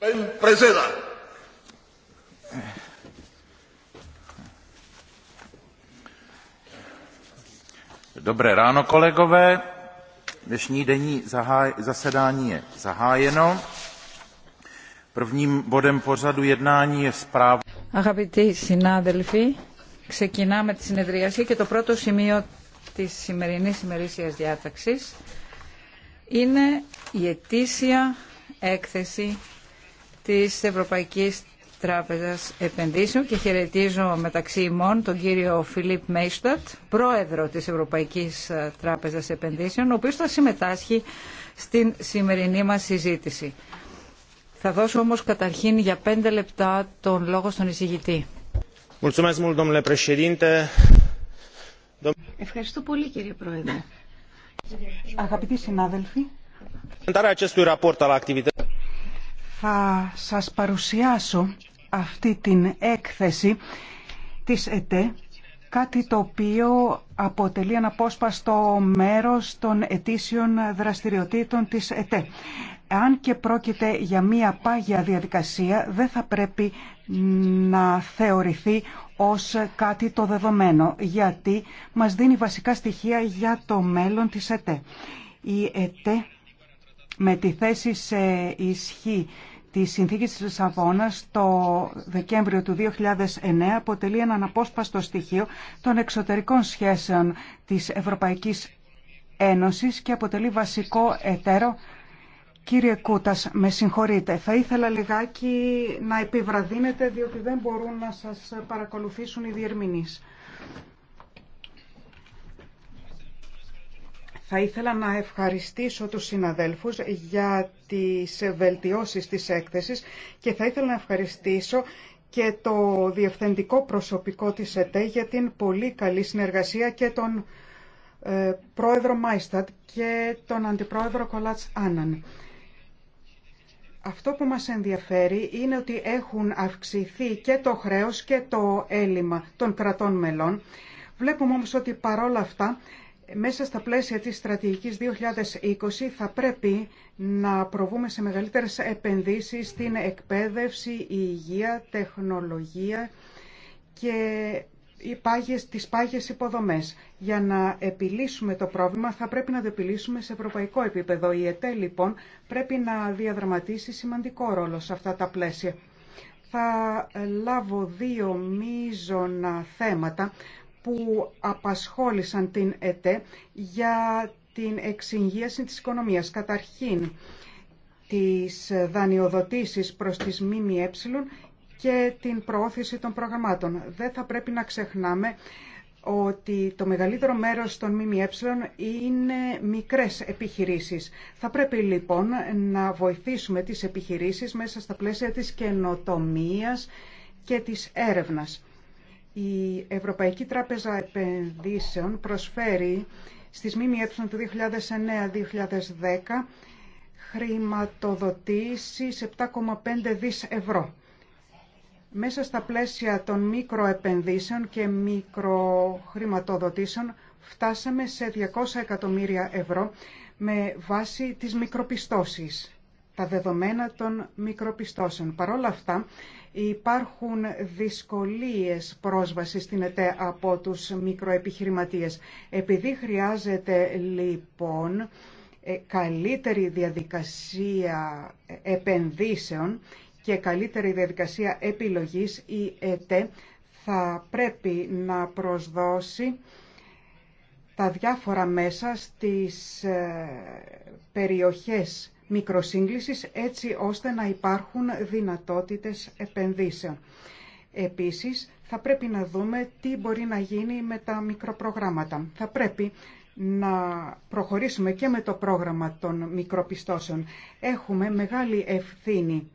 Pan prezeda. Dobré ráno, kolegové. Dnešní denní zasedání je zahájeno. Prvním bodem pořadu jednání je zpráva. Αγαπητοί συνάδελφοι, ξεκινάμε τη συνεδρίαση και το πρώτο σημείο της σημερινής ημερήσιας διάταξης είναι η ετήσια έκθεση της Ευρωπαϊκής Τράπεζας Επενδύσεων και χαιρετίζω μεταξύ ημών τον κύριο Φιλίπ Μέιστατ, πρόεδρο της Ευρωπαϊκής Τράπεζας Επενδύσεων, ο οποίος θα συμμετάσχει στην σημερινή μας συζήτηση. Θα δώσω όμως καταρχήν για πέντε λεπτά τον λόγο στον εισηγητή. Ευχαριστώ πολύ κύριε Πρόεδρε. Αγαπητοί συνάδελφοι, θα σας παρουσιάσω αυτή την έκθεση της ΕΤΕ, κάτι το οποίο αποτελεί αναπόσπαστο μέρος των ετήσιων δραστηριοτήτων της ΕΤΕ. Αν και πρόκειται για μία πάγια διαδικασία, δεν θα πρέπει να θεωρηθεί ως κάτι το δεδομένο, γιατί μας δίνει βασικά στοιχεία για το μέλλον της ΕΤΕ. Η ΕΤΕ με τη θέση σε ισχύ τη συνθήκη της Λισαβόνα το Δεκέμβριο του 2009 αποτελεί ένα αναπόσπαστο στοιχείο των εξωτερικών σχέσεων της Ευρωπαϊκής Ένωσης και αποτελεί βασικό εταίρο. Κύριε Κούτα, με συγχωρείτε. Θα ήθελα λιγάκι να επιβραδύνετε διότι δεν μπορούν να σας παρακολουθήσουν οι διερμηνεί. Θα ήθελα να ευχαριστήσω τους συναδέλφους για τις βελτιώσεις της έκθεσης και θα ήθελα να ευχαριστήσω και το διευθυντικό προσωπικό της ΕΤΕ για την πολύ καλή συνεργασία και τον ε, πρόεδρο Μάιστατ και τον αντιπρόεδρο Κολάτς Άναν. Αυτό που μας ενδιαφέρει είναι ότι έχουν αυξηθεί και το χρέος και το έλλειμμα των κρατών μελών. Βλέπουμε όμως ότι παρόλα αυτά μέσα στα πλαίσια της στρατηγικής 2020 θα πρέπει να προβούμε σε μεγαλύτερες επενδύσεις στην εκπαίδευση, υγεία, τεχνολογία και οι τις πάγιες υποδομές. Για να επιλύσουμε το πρόβλημα θα πρέπει να το επιλύσουμε σε ευρωπαϊκό επίπεδο. Η ΕΤΕ λοιπόν πρέπει να διαδραματίσει σημαντικό ρόλο σε αυτά τα πλαίσια. Θα λάβω δύο μείζωνα θέματα που απασχόλησαν την ΕΤΕ για την εξυγίαση της οικονομίας. Καταρχήν, τις δανειοδοτήσεις προς τις ΜΜΕ και την προώθηση των προγραμμάτων. Δεν θα πρέπει να ξεχνάμε ότι το μεγαλύτερο μέρος των ΜΜΕ είναι μικρές επιχειρήσεις. Θα πρέπει λοιπόν να βοηθήσουμε τις επιχειρήσεις μέσα στα πλαίσια της καινοτομίας και της έρευνας. Η Ευρωπαϊκή Τράπεζα Επενδύσεων προσφέρει στις ΜΜΕ του 2009-2010 χρηματοδοτήσεις 7,5 δις ευρώ. Μέσα στα πλαίσια των μικροεπενδύσεων και μικροχρηματοδοτήσεων φτάσαμε σε 200 εκατομμύρια ευρώ με βάση τις μικροπιστώσεις τα δεδομένα των μικροπιστώσεων. Παρ' όλα αυτά υπάρχουν δυσκολίες πρόσβασης στην ΕΤΕ από τους μικροεπιχειρηματίες. Επειδή χρειάζεται λοιπόν ε, καλύτερη διαδικασία ε, επενδύσεων και καλύτερη διαδικασία επιλογής, η ΕΤΕ θα πρέπει να προσδώσει τα διάφορα μέσα στις ε, περιοχές μικροσύγκλησης έτσι ώστε να υπάρχουν δυνατότητες επενδύσεων. Επίσης, θα πρέπει να δούμε τι μπορεί να γίνει με τα μικροπρογράμματα. Θα πρέπει να προχωρήσουμε και με το πρόγραμμα των μικροπιστώσεων. Έχουμε μεγάλη ευθύνη.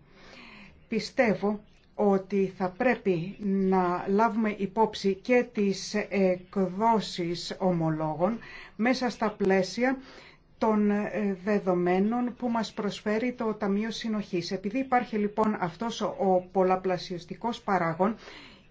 Πιστεύω ότι θα πρέπει να λάβουμε υπόψη και τις εκδόσεις ομολόγων μέσα στα πλαίσια των ε, δεδομένων που μας προσφέρει το Ταμείο Συνοχής. Επειδή υπάρχει λοιπόν αυτός ο πολλαπλασιωστικός παράγων,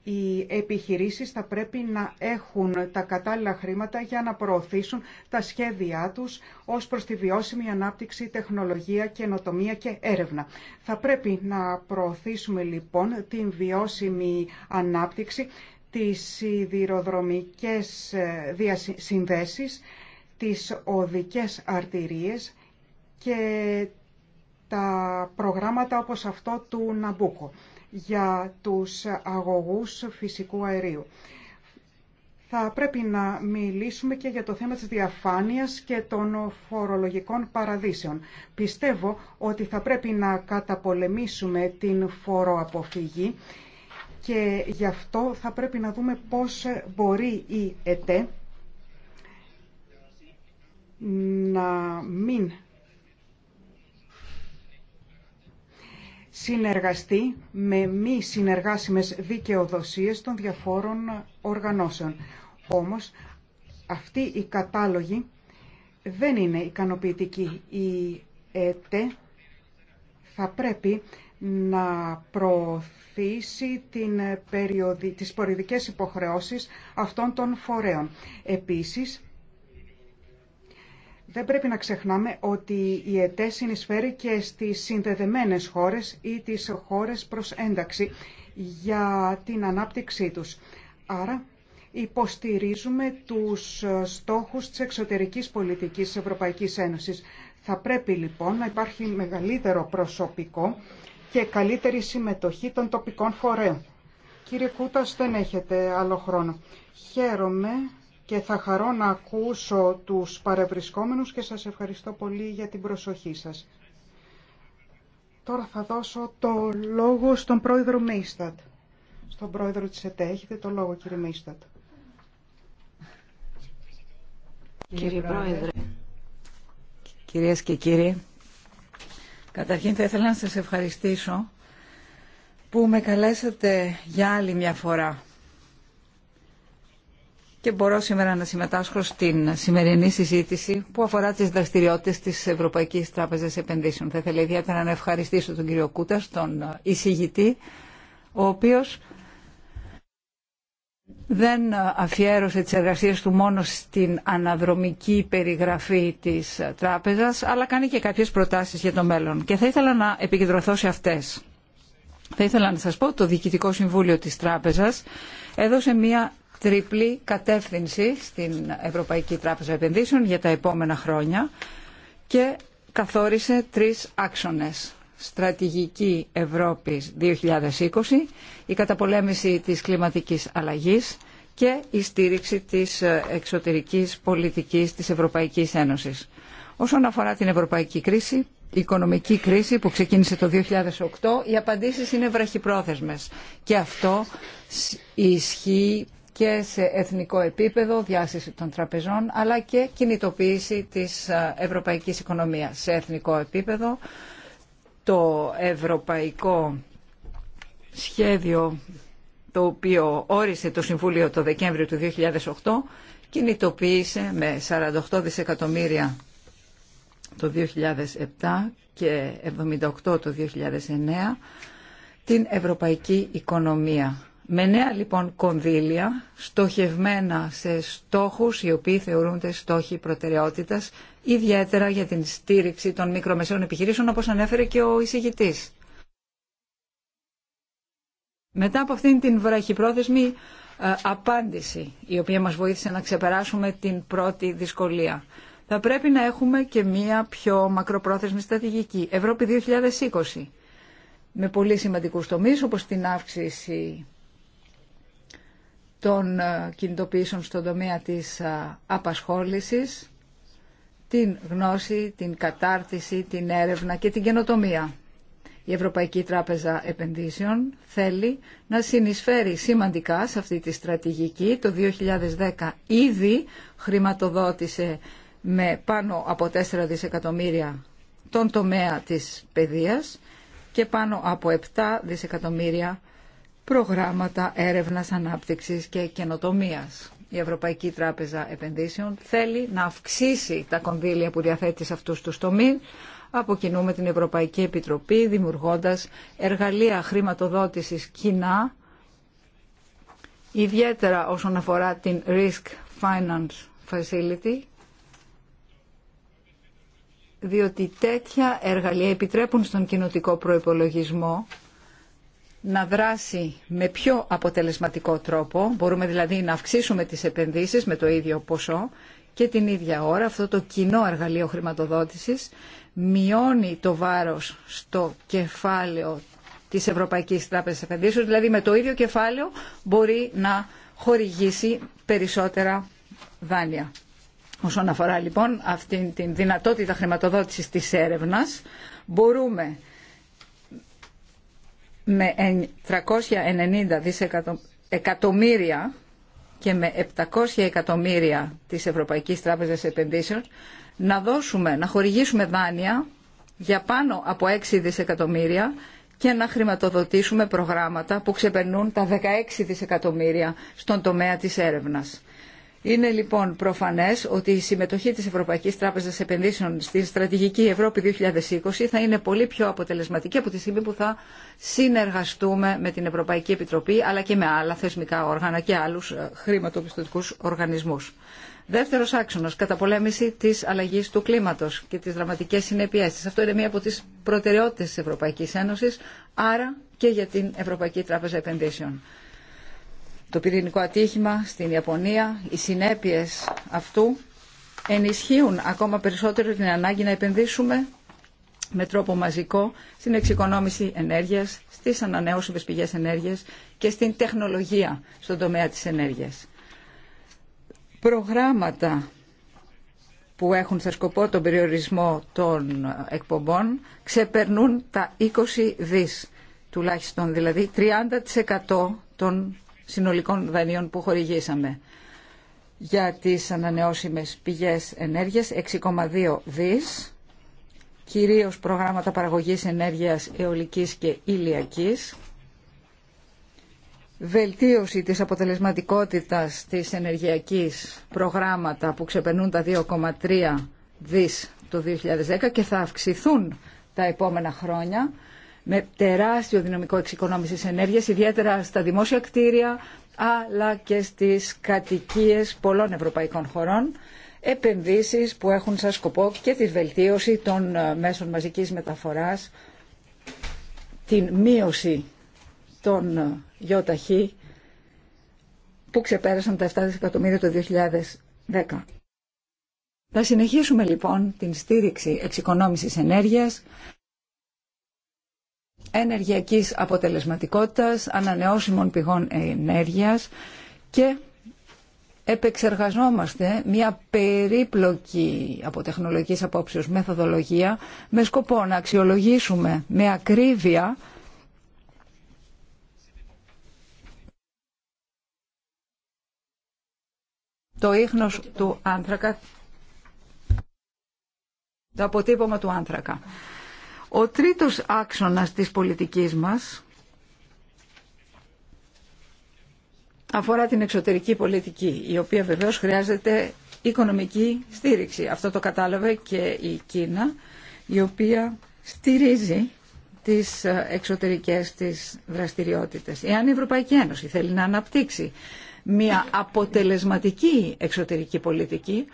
οι επιχειρήσεις θα πρέπει να έχουν τα κατάλληλα χρήματα για να προωθήσουν τα σχέδιά τους ως προς τη βιώσιμη ανάπτυξη, τεχνολογία, καινοτομία και έρευνα. Θα πρέπει να προωθήσουμε λοιπόν την βιώσιμη ανάπτυξη, τις σιδηροδρομικές ε, διασυνδέσεις, τις οδικές αρτηρίες και τα προγράμματα όπως αυτό του Ναμπούκο για τους αγωγούς φυσικού αερίου. Θα πρέπει να μιλήσουμε και για το θέμα της διαφάνειας και των φορολογικών παραδείσεων. Πιστεύω ότι θα πρέπει να καταπολεμήσουμε την φοροαποφυγή και γι' αυτό θα πρέπει να δούμε πώς μπορεί η ΕΤΕ να μην συνεργαστεί με μη συνεργάσιμες δικαιοδοσίες των διαφόρων οργανώσεων. Όμως αυτή η κατάλογη δεν είναι ικανοποιητική. Η ΕΤΕ θα πρέπει να προωθήσει την περιοδι... τις περιοδικές υποχρεώσεις αυτών των φορέων. Επίσης, δεν πρέπει να ξεχνάμε ότι η ΕΤΕ συνεισφέρει και στις συνδεδεμένες χώρες ή τις χώρες προς ένταξη για την ανάπτυξή τους. Άρα υποστηρίζουμε τους στόχους της εξωτερικής πολιτικής της Ευρωπαϊκής Ένωσης. Θα πρέπει λοιπόν να υπάρχει μεγαλύτερο προσωπικό και καλύτερη συμμετοχή των τοπικών φορέων. Κύριε Κούτας, δεν έχετε άλλο χρόνο. Χαίρομαι και θα χαρώ να ακούσω τους παρευρισκόμενους και σας ευχαριστώ πολύ για την προσοχή σας. Τώρα θα δώσω το λόγο στον πρόεδρο Μίστατ. Στον πρόεδρο της ΕΤΕ. Έχετε το λόγο κύριε Μίστατ. Κύριε Πρόεδρε, κυρίες και κύριοι, καταρχήν θα ήθελα να σας ευχαριστήσω που με καλέσατε για άλλη μια φορά και μπορώ σήμερα να συμμετάσχω στην σημερινή συζήτηση που αφορά τις δραστηριότητες της Ευρωπαϊκής Τράπεζας Επενδύσεων. Θα ήθελα ιδιαίτερα να ευχαριστήσω τον κύριο Κούτα, τον εισηγητή, ο οποίος δεν αφιέρωσε τις εργασίες του μόνο στην αναδρομική περιγραφή της τράπεζας, αλλά κάνει και κάποιες προτάσεις για το μέλλον. Και θα ήθελα να επικεντρωθώ σε αυτές. Θα ήθελα να σας πω ότι το Διοικητικό Συμβούλιο της Τράπεζας έδωσε μια τρίπλη κατεύθυνση στην Ευρωπαϊκή Τράπεζα Επενδύσεων για τα επόμενα χρόνια και καθόρισε τρεις άξονες. Στρατηγική Ευρώπης 2020, η καταπολέμηση της κλιματικής αλλαγής και η στήριξη της εξωτερικής πολιτικής της Ευρωπαϊκής Ένωσης. Όσον αφορά την ευρωπαϊκή κρίση, η οικονομική κρίση που ξεκίνησε το 2008, οι απαντήσεις είναι βραχυπρόθεσμες. Και αυτό ισχύει και σε εθνικό επίπεδο, διάσυση των τραπεζών, αλλά και κινητοποίηση της ε, ευρωπαϊκής οικονομίας σε εθνικό επίπεδο. Το ευρωπαϊκό σχέδιο το οποίο όρισε το Συμβούλιο το Δεκέμβριο του 2008 κινητοποίησε με 48 δισεκατομμύρια το 2007 και 78 το 2009 την ευρωπαϊκή οικονομία με νέα λοιπόν κονδύλια, στοχευμένα σε στόχους οι οποίοι θεωρούνται στόχοι προτεραιότητας, ιδιαίτερα για την στήριξη των μικρομεσαίων επιχειρήσεων, όπως ανέφερε και ο εισηγητής. Μετά από αυτήν την βραχυπρόθεσμη ε, απάντηση, η οποία μας βοήθησε να ξεπεράσουμε την πρώτη δυσκολία, θα πρέπει να έχουμε και μία πιο μακροπρόθεσμη στρατηγική, Ευρώπη 2020, με πολύ σημαντικούς τομείς, όπως την αύξηση των ε, κινητοποιήσεων στον τομέα της ε, απασχόλησης, την γνώση, την κατάρτιση, την έρευνα και την καινοτομία. Η Ευρωπαϊκή Τράπεζα Επενδύσεων θέλει να συνεισφέρει σημαντικά σε αυτή τη στρατηγική. Το 2010 ήδη χρηματοδότησε με πάνω από 4 δισεκατομμύρια τον τομέα της παιδείας και πάνω από 7 δισεκατομμύρια προγράμματα έρευνας, ανάπτυξης και καινοτομίας. Η Ευρωπαϊκή Τράπεζα Επενδύσεων θέλει να αυξήσει τα κονδύλια που διαθέτει σε αυτούς τους τομείς, από κοινού με την Ευρωπαϊκή Επιτροπή, δημιουργώντας εργαλεία χρηματοδότησης κοινά, ιδιαίτερα όσον αφορά την Risk Finance Facility, διότι τέτοια εργαλεία επιτρέπουν στον κοινοτικό προϋπολογισμό να δράσει με πιο αποτελεσματικό τρόπο, μπορούμε δηλαδή να αυξήσουμε τις επενδύσεις με το ίδιο ποσό και την ίδια ώρα αυτό το κοινό εργαλείο χρηματοδότησης μειώνει το βάρος στο κεφάλαιο της Ευρωπαϊκής Τράπεζας Επενδύσεων, δηλαδή με το ίδιο κεφάλαιο μπορεί να χορηγήσει περισσότερα δάνεια. Όσον αφορά λοιπόν αυτή την δυνατότητα χρηματοδότησης της έρευνας, μπορούμε με 390 δισεκατομμύρια και με 700 εκατομμύρια της Ευρωπαϊκής Τράπεζας Επενδύσεων να δώσουμε, να χορηγήσουμε δάνεια για πάνω από 6 δισεκατομμύρια και να χρηματοδοτήσουμε προγράμματα που ξεπερνούν τα 16 δισεκατομμύρια στον τομέα της έρευνας. Είναι λοιπόν προφανέ ότι η συμμετοχή τη Ευρωπαϊκή Τράπεζα Επενδύσεων στη Στρατηγική Ευρώπη 2020 θα είναι πολύ πιο αποτελεσματική από τη στιγμή που θα συνεργαστούμε με την Ευρωπαϊκή Επιτροπή αλλά και με άλλα θεσμικά όργανα και άλλου ε, χρηματοπιστωτικού οργανισμού. Δεύτερο άξονα καταπολέμηση τη αλλαγή του κλίματο και τι δραματικέ συνέπειέ Αυτό είναι μία από τι προτεραιότητε τη Ευρωπαϊκή Ένωση, άρα και για την Ευρωπαϊκή Τράπεζα Επενδύσεων το πυρηνικό ατύχημα στην Ιαπωνία, οι συνέπειες αυτού ενισχύουν ακόμα περισσότερο την ανάγκη να επενδύσουμε με τρόπο μαζικό στην εξοικονόμηση ενέργειας, στις ανανεώσιμες πηγές ενέργειας και στην τεχνολογία στον τομέα της ενέργειας. Προγράμματα που έχουν σε σκοπό τον περιορισμό των εκπομπών ξεπερνούν τα 20 δις τουλάχιστον, δηλαδή 30% των συνολικών δανείων που χορηγήσαμε. Για τις ανανεώσιμες πηγές ενέργειας 6,2 δις, κυρίως προγράμματα παραγωγής ενέργειας αιωλικής και ηλιακής, βελτίωση της αποτελεσματικότητας της ενεργειακής προγράμματα που ξεπερνούν τα 2,3 δις το 2010 και θα αυξηθούν τα επόμενα χρόνια με τεράστιο δυναμικό εξοικονόμησης ενέργειας, ιδιαίτερα στα δημόσια κτίρια, αλλά και στις κατοικίες πολλών ευρωπαϊκών χωρών, επενδύσεις που έχουν σαν σκοπό και τη βελτίωση των ε, μέσων μαζικής μεταφοράς, την μείωση των ε, ΙΟΤΑΧΗ που ξεπέρασαν τα 7 δισεκατομμύρια το 2010. Θα συνεχίσουμε λοιπόν την στήριξη εξοικονόμησης ενέργειας ενεργειακής αποτελεσματικότητας, ανανεώσιμων πηγών ενέργειας και επεξεργαζόμαστε μια περίπλοκη από τεχνολογικής απόψεως μεθοδολογία με σκοπό να αξιολογήσουμε με ακρίβεια το ίχνος του άνθρακα, το αποτύπωμα του άνθρακα. Ο τρίτος άξονας της πολιτικής μας αφορά την εξωτερική πολιτική, η οποία βεβαίως χρειάζεται οικονομική στήριξη. Αυτό το κατάλαβε και η Κίνα, η οποία στηρίζει τις εξωτερικές της δραστηριότητες. Εάν η Ευρωπαϊκή Ένωση θέλει να αναπτύξει μια αποτελεσματική εξωτερική πολιτική,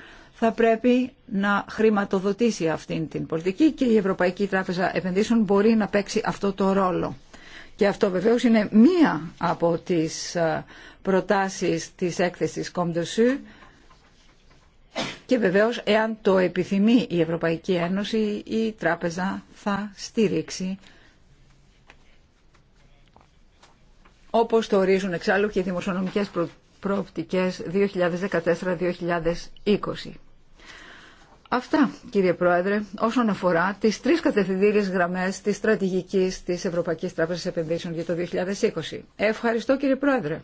θα πρέπει να χρηματοδοτήσει αυτήν την πολιτική και η Ευρωπαϊκή Τράπεζα Επενδύσεων μπορεί να παίξει αυτό το ρόλο. Και αυτό βεβαίως είναι μία από τις ε, προτάσεις της έκθεσης Κόμτοσού, και βεβαίως εάν το επιθυμεί η Ευρωπαϊκή Ένωση η τράπεζα θα στήριξει όπως το ορίζουν εξάλλου και οι δημοσιονομικές προοπτικές 2014-2020. Αυτά, κύριε Πρόεδρε, όσον αφορά τι τρει κατευθυντήριε γραμμέ τη στρατηγική τη Ευρωπαϊκή Τράπεζα Επενδύσεων για το 2020. Ευχαριστώ, κύριε Πρόεδρε.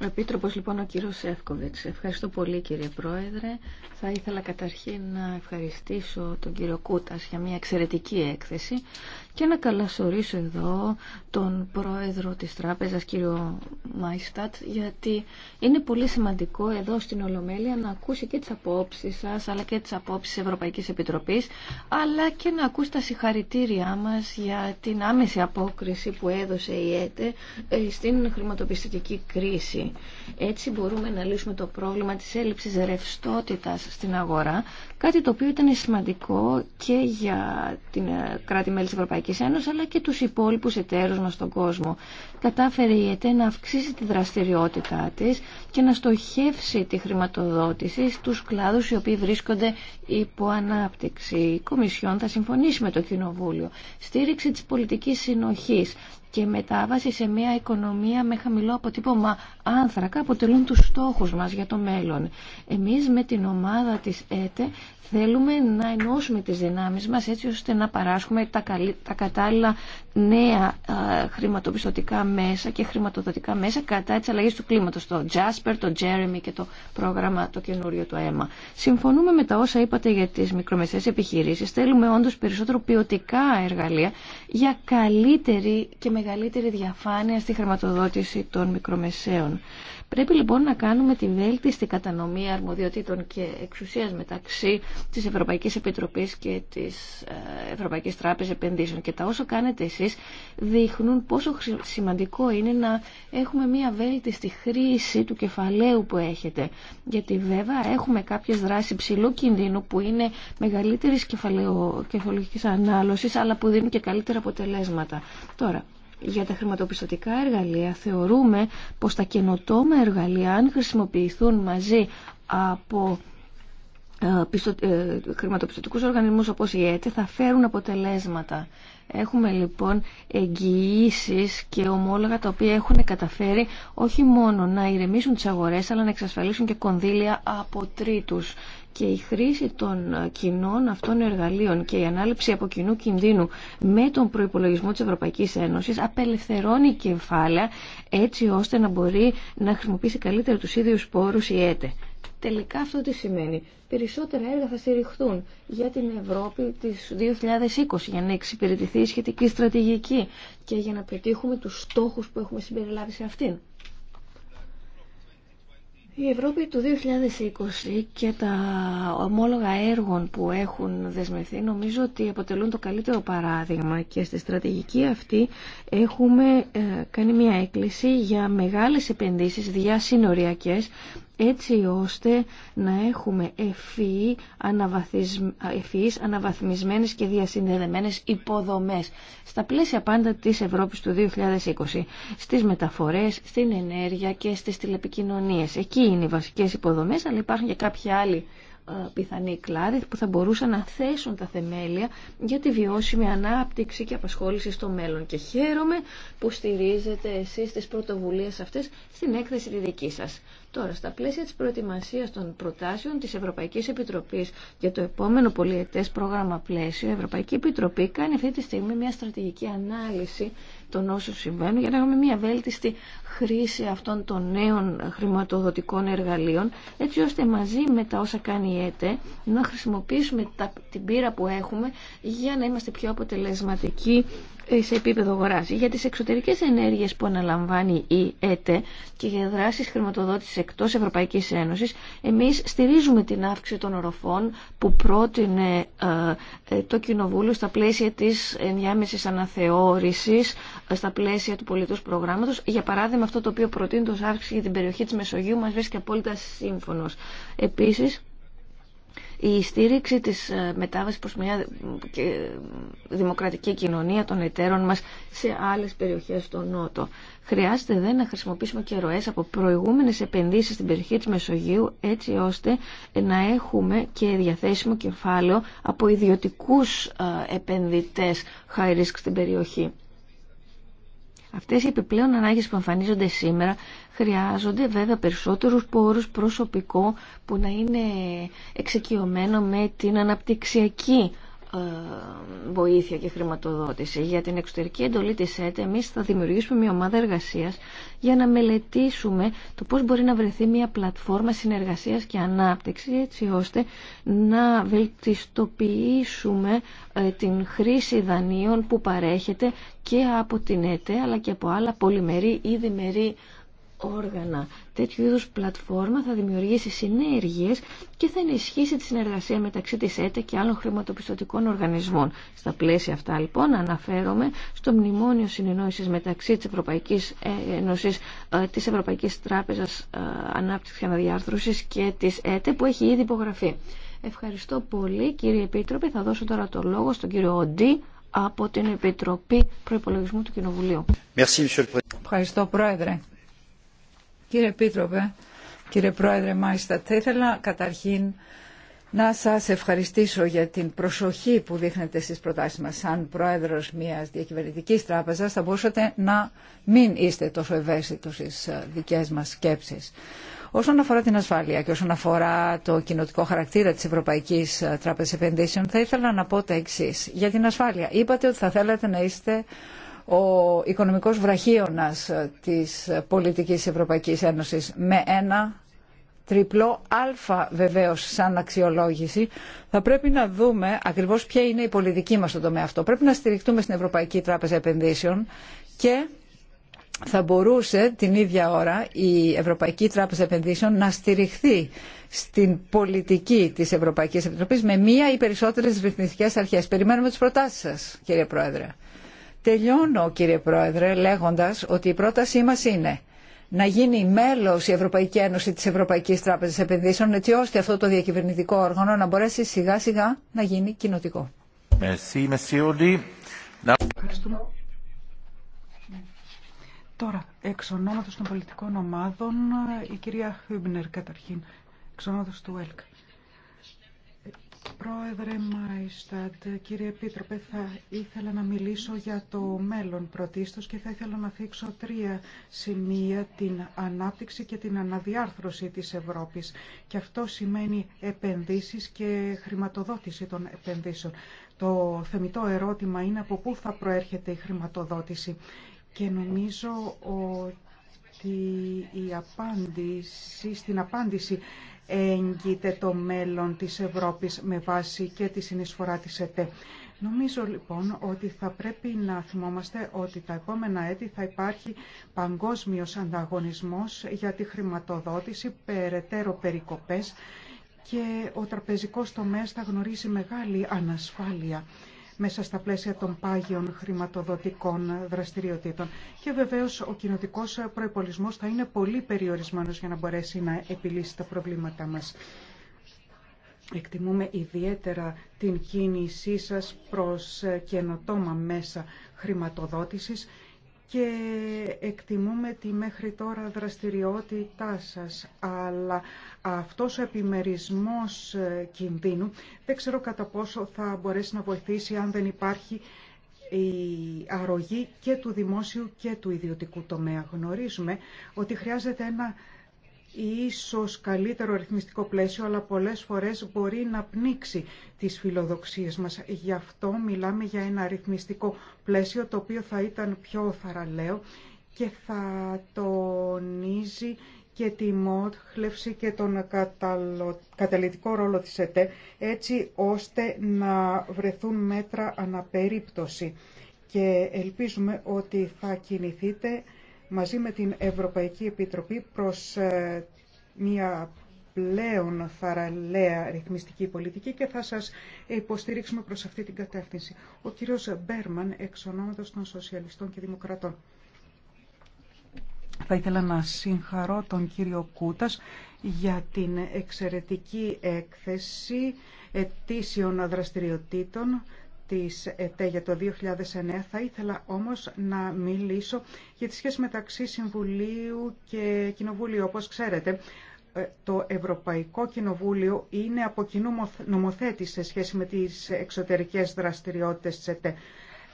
Ο Επίτροπος λοιπόν ο κύριος Σεύκοβιτ. Ευχαριστώ πολύ κύριε Πρόεδρε. Θα ήθελα καταρχήν να ευχαριστήσω τον κύριο Κούτα για μια εξαιρετική έκθεση και να καλασορίσω εδώ τον πρόεδρο της τράπεζας κύριο Μάιστατ γιατί είναι πολύ σημαντικό εδώ στην Ολομέλεια να ακούσει και τις απόψεις σας αλλά και τις απόψεις της Ευρωπαϊκής Επιτροπής αλλά και να ακούσει τα συγχαρητήριά μας για την άμεση απόκριση που έδωσε η ΕΤΕ ε, στην χρηματοπιστωτική κρίση. Έτσι μπορούμε να λύσουμε το πρόβλημα της έλλειψης ρευστότητα στην αγορά κάτι το οποίο ήταν σημαντικό και για την ε, κράτη-μέλη της Ευρωπαϊκής Ευρωπαϊκής Ένωσης αλλά και τους υπόλοιπους εταίρους μας στον κόσμο. Κατάφερε η ΕΤΕ να αυξήσει τη δραστηριότητά της και να στοχεύσει τη χρηματοδότηση στους κλάδους οι οποίοι βρίσκονται υπό ανάπτυξη. Η Κομισιόν θα συμφωνήσει με το Κοινοβούλιο. Στήριξη της πολιτικής συνοχής και μετάβαση σε μια οικονομία με χαμηλό αποτύπωμα άνθρακα αποτελούν τους στόχους μας για το μέλλον. Εμείς με την ομάδα της ΕΤΕ θέλουμε να ενώσουμε τις δυνάμεις μας έτσι ώστε να παράσχουμε τα, κατάλληλα νέα χρηματοπιστωτικά μέσα και χρηματοδοτικά μέσα κατά της αλλαγής του κλίματος, το Jasper, το Jeremy και το πρόγραμμα το καινούριο το αίμα. Συμφωνούμε με τα όσα είπατε για τις μικρομεσαίες επιχειρήσεις. Θέλουμε όντως περισσότερο ποιοτικά εργαλεία για καλύτερη και μεγαλύτερη διαφάνεια στη χρηματοδότηση των μικρομεσαίων. Πρέπει λοιπόν να κάνουμε τη βέλτιστη κατανομή αρμοδιοτήτων και εξουσίας μεταξύ της Ευρωπαϊκής Επιτροπής και της ε, Ευρωπαϊκής Τράπεζας Επενδύσεων και τα όσα κάνετε εσείς δείχνουν πόσο σημαντικό είναι να έχουμε μια βέλτιστη χρήση του κεφαλαίου που έχετε. Γιατί βέβαια έχουμε κάποιες δράσεις ψηλού κινδύνου που είναι μεγαλύτερης κεφαλαιολογικής ανάλωσης αλλά που δίνουν και καλύτερα αποτελέσματα. Τώρα, για τα χρηματοπιστωτικά εργαλεία θεωρούμε πως τα καινοτόμα εργαλεία αν χρησιμοποιηθούν μαζί από ε, ε, χρηματοπιστωτικούς οργανισμούς όπως η ΕΤΕ θα φέρουν αποτελέσματα. Έχουμε λοιπόν εγγυήσει και ομόλογα τα οποία έχουν καταφέρει όχι μόνο να ηρεμήσουν τις αγορές αλλά να εξασφαλίσουν και κονδύλια από τρίτους και η χρήση των κοινών αυτών εργαλείων και η ανάληψη από κοινού κινδύνου με τον προϋπολογισμό της Ευρωπαϊκής Ένωσης απελευθερώνει κεφάλαια έτσι ώστε να μπορεί να χρησιμοποιήσει καλύτερα τους ίδιους πόρους η ΕΤΕ. Τελικά αυτό τι σημαίνει. Περισσότερα έργα θα στηριχθούν για την Ευρώπη της 2020 για να εξυπηρετηθεί η σχετική στρατηγική και για να πετύχουμε τους στόχους που έχουμε συμπεριλάβει σε αυτήν. Η Ευρώπη του 2020 και τα ομόλογα έργων που έχουν δεσμευθεί νομίζω ότι αποτελούν το καλύτερο παράδειγμα και στη στρατηγική αυτή έχουμε ε, κάνει μια έκκληση για μεγάλες επενδύσεις διασυνοριακές έτσι ώστε να έχουμε ευφυεί ευφυείς αναβαθμισμένες και διασυνδεδεμένες υποδομές στα πλαίσια πάντα της Ευρώπης του 2020, στις μεταφορές, στην ενέργεια και στις τηλεπικοινωνίες. Εκεί είναι οι βασικές υποδομές, αλλά υπάρχουν και κάποιοι άλλοι ε, πιθανή κλάδη που θα μπορούσαν να θέσουν τα θεμέλια για τη βιώσιμη ανάπτυξη και απασχόληση στο μέλλον. Και χαίρομαι που στηρίζετε εσείς τις πρωτοβουλίες αυτές στην έκθεση τη δική σας. Τώρα, στα πλαίσια της προετοιμασίας των προτάσεων της Ευρωπαϊκής Επιτροπής για το επόμενο πολιετές πρόγραμμα πλαίσιο, η Ευρωπαϊκή Επιτροπή κάνει αυτή τη στιγμή μια στρατηγική ανάλυση των όσων συμβαίνουν για να έχουμε μια βέλτιστη χρήση αυτών των νέων χρηματοδοτικών εργαλείων έτσι ώστε μαζί με τα όσα κάνει η ΕΤΕ να χρησιμοποιήσουμε την πείρα που έχουμε για να είμαστε πιο αποτελεσματικοί ε, σε επίπεδο αγορά. Για τι εξωτερικέ ενέργειε που αναλαμβάνει η ΕΤΕ και για δράσει χρηματοδότηση εκτό Ευρωπαϊκή Ένωση, εμεί στηρίζουμε την αύξηση των οροφών που πρότεινε ε, ε, το Κοινοβούλιο στα πλαίσια τη ενδιάμεση αναθεώρηση, στα πλαίσια του πολιτού προγράμματο. Για παράδειγμα, αυτό το οποίο προτείνει το αύξηση για την περιοχή τη Μεσογείου μα βρίσκει απόλυτα σύμφωνο. Επίση, η στήριξη της ε, μετάβασης προς μια ε, ε, δημοκρατική κοινωνία των εταίρων μας σε άλλες περιοχές στο Νότο. Χρειάζεται δεν να χρησιμοποιήσουμε και ροές από προηγούμενες επενδύσεις στην περιοχή της Μεσογείου έτσι ώστε να έχουμε και διαθέσιμο κεφάλαιο από ιδιωτικούς επενδυτές high risk στην περιοχή. Αυτές οι επιπλέον ανάγκες που εμφανίζονται σήμερα Χρειάζονται βέβαια περισσότερους πόρους προσωπικό που να είναι εξοικειωμένο με την αναπτυξιακή ε, βοήθεια και χρηματοδότηση. Για την εξωτερική εντολή της ΕΤΕ εμείς θα δημιουργήσουμε μια ομάδα εργασίας για να μελετήσουμε το πώς μπορεί να βρεθεί μια πλατφόρμα συνεργασίας και ανάπτυξη έτσι ώστε να βελτιστοποιήσουμε ε, την χρήση δανείων που παρέχεται και από την ΕΤΕ αλλά και από άλλα πολυμερή ή διμερή όργανα. Τέτοιου είδους πλατφόρμα θα δημιουργήσει συνέργειες και θα ενισχύσει τη συνεργασία μεταξύ της ΕΤΕ και άλλων χρηματοπιστωτικών οργανισμών. Στα πλαίσια αυτά λοιπόν αναφέρομαι στο μνημόνιο συνεννόησης μεταξύ της Ευρωπαϊκής Ένωσης, ε, της Ευρωπαϊκής Τράπεζας ε, Ανάπτυξης και Αναδιάρθρωσης και της ΕΤΕ που έχει ήδη υπογραφεί. Ευχαριστώ πολύ κύριε Επίτροπε. Θα δώσω τώρα το λόγο στον κύριο Οντί από την Επιτροπή Προϋπολογισμού του Κοινοβουλίου. Ευχαριστώ Πρόεδρε. Κύριε Επίτροπε, κύριε Πρόεδρε μάλιστα, θα ήθελα καταρχήν να σας ευχαριστήσω για την προσοχή που δείχνετε στις προτάσεις μας. Σαν πρόεδρος μιας διακυβερνητικής τράπεζας θα μπορούσατε να μην είστε τόσο ευαίσθητος στις ε, δικές μας σκέψεις. Όσον αφορά την ασφάλεια και όσον αφορά το κοινοτικό χαρακτήρα της Ευρωπαϊκής ε, Τράπεζας Επενδύσεων, θα ήθελα να πω τα εξή. Για την ασφάλεια, είπατε ότι θα θέλατε να είστε ο οικονομικός βραχίωνας της πολιτικής Ευρωπαϊκής Ένωσης με ένα τριπλό αλφα βεβαίως σαν αξιολόγηση, θα πρέπει να δούμε ακριβώς ποια είναι η πολιτική μας στον τομέα αυτό. Πρέπει να στηριχτούμε στην Ευρωπαϊκή Τράπεζα Επενδύσεων και θα μπορούσε την ίδια ώρα η Ευρωπαϊκή Τράπεζα Επενδύσεων να στηριχθεί στην πολιτική της Ευρωπαϊκής Επιτροπής με μία ή περισσότερες ρυθμιστικές αρχές. Περιμένουμε τις προτάσεις σας, κύριε Πρόεδρε. Τελειώνω κύριε Πρόεδρε λέγοντας ότι η πρότασή μας είναι να γίνει μέλος η Ευρωπαϊκή Ένωση της Ευρωπαϊκής Τράπεζας Επενδύσεων έτσι ώστε αυτό το διακυβερνητικό όργανο να μπορέσει σιγά σιγά να γίνει κοινοτικό. Ευχαριστούμε. Τώρα, εξ ονόματος των πολιτικών ομάδων, η κυρία Χούμπνερ καταρχήν, εξ του ΕΛΚ. Πρόεδρε Μάιστατ, κύριε Επίτροπε, θα ήθελα να μιλήσω για το μέλλον πρωτίστως και θα ήθελα να θίξω τρία σημεία, την ανάπτυξη και την αναδιάρθρωση της Ευρώπης. Και αυτό σημαίνει επενδύσεις και χρηματοδότηση των επενδύσεων. Το θεμητό ερώτημα είναι από πού θα προέρχεται η χρηματοδότηση. Και νομίζω ότι η απάντηση, στην απάντηση εγγύεται το μέλλον της Ευρώπης με βάση και τη συνεισφορά της ΕΤΕ. Νομίζω λοιπόν ότι θα πρέπει να θυμόμαστε ότι τα επόμενα έτη θα υπάρχει παγκόσμιος ανταγωνισμός για τη χρηματοδότηση, περαιτέρω περικοπές και ο τραπεζικός τομέας θα γνωρίζει μεγάλη ανασφάλεια μέσα στα πλαίσια των πάγιων χρηματοδοτικών δραστηριοτήτων. Και βεβαίως ο κοινοτικό προπολισμό θα είναι πολύ περιορισμένος για να μπορέσει να επιλύσει τα προβλήματά μας. Εκτιμούμε ιδιαίτερα την κίνησή σας προς καινοτόμα μέσα χρηματοδότησης και εκτιμούμε τη μέχρι τώρα δραστηριότητά σας, αλλά αυτός ο επιμερισμός ε, κινδύνου δεν ξέρω κατά πόσο θα μπορέσει να βοηθήσει αν δεν υπάρχει η αρρωγή και του δημόσιου και του ιδιωτικού τομέα. Γνωρίζουμε ότι χρειάζεται ένα ίσως καλύτερο ρυθμιστικό πλαίσιο, αλλά πολλές φορές μπορεί να πνίξει τις φιλοδοξίες μας. Γι' αυτό μιλάμε για ένα αριθμιστικό πλαίσιο, το οποίο θα ήταν πιο θαραλέο και θα τονίζει και τη μότχλευση και τον καταλητικό ρόλο της ΕΤΕ, έτσι ώστε να βρεθούν μέτρα αναπερίπτωση. Και ελπίζουμε ότι θα κινηθείτε μαζί με την Ευρωπαϊκή Επιτροπή προς ε, μια πλέον θαραλέα ρυθμιστική πολιτική και θα σας υποστηρίξουμε προς αυτή την κατεύθυνση. Ο κύριος Μπέρμαν, εξ ονόματος των Σοσιαλιστών και Δημοκρατών. Θα ήθελα να συγχαρώ τον κύριο Κούτας για την εξαιρετική έκθεση ετήσιων δραστηριοτήτων της ΕΤΕ για το 2009. Θα ήθελα όμως να μιλήσω για τη σχέση μεταξύ Συμβουλίου και Κοινοβουλίου. Όπως ξέρετε, ε, το Ευρωπαϊκό Κοινοβούλιο είναι από κοινού νομοθέτη σε σχέση με τις εξωτερικές δραστηριότητες της ΕΤΕ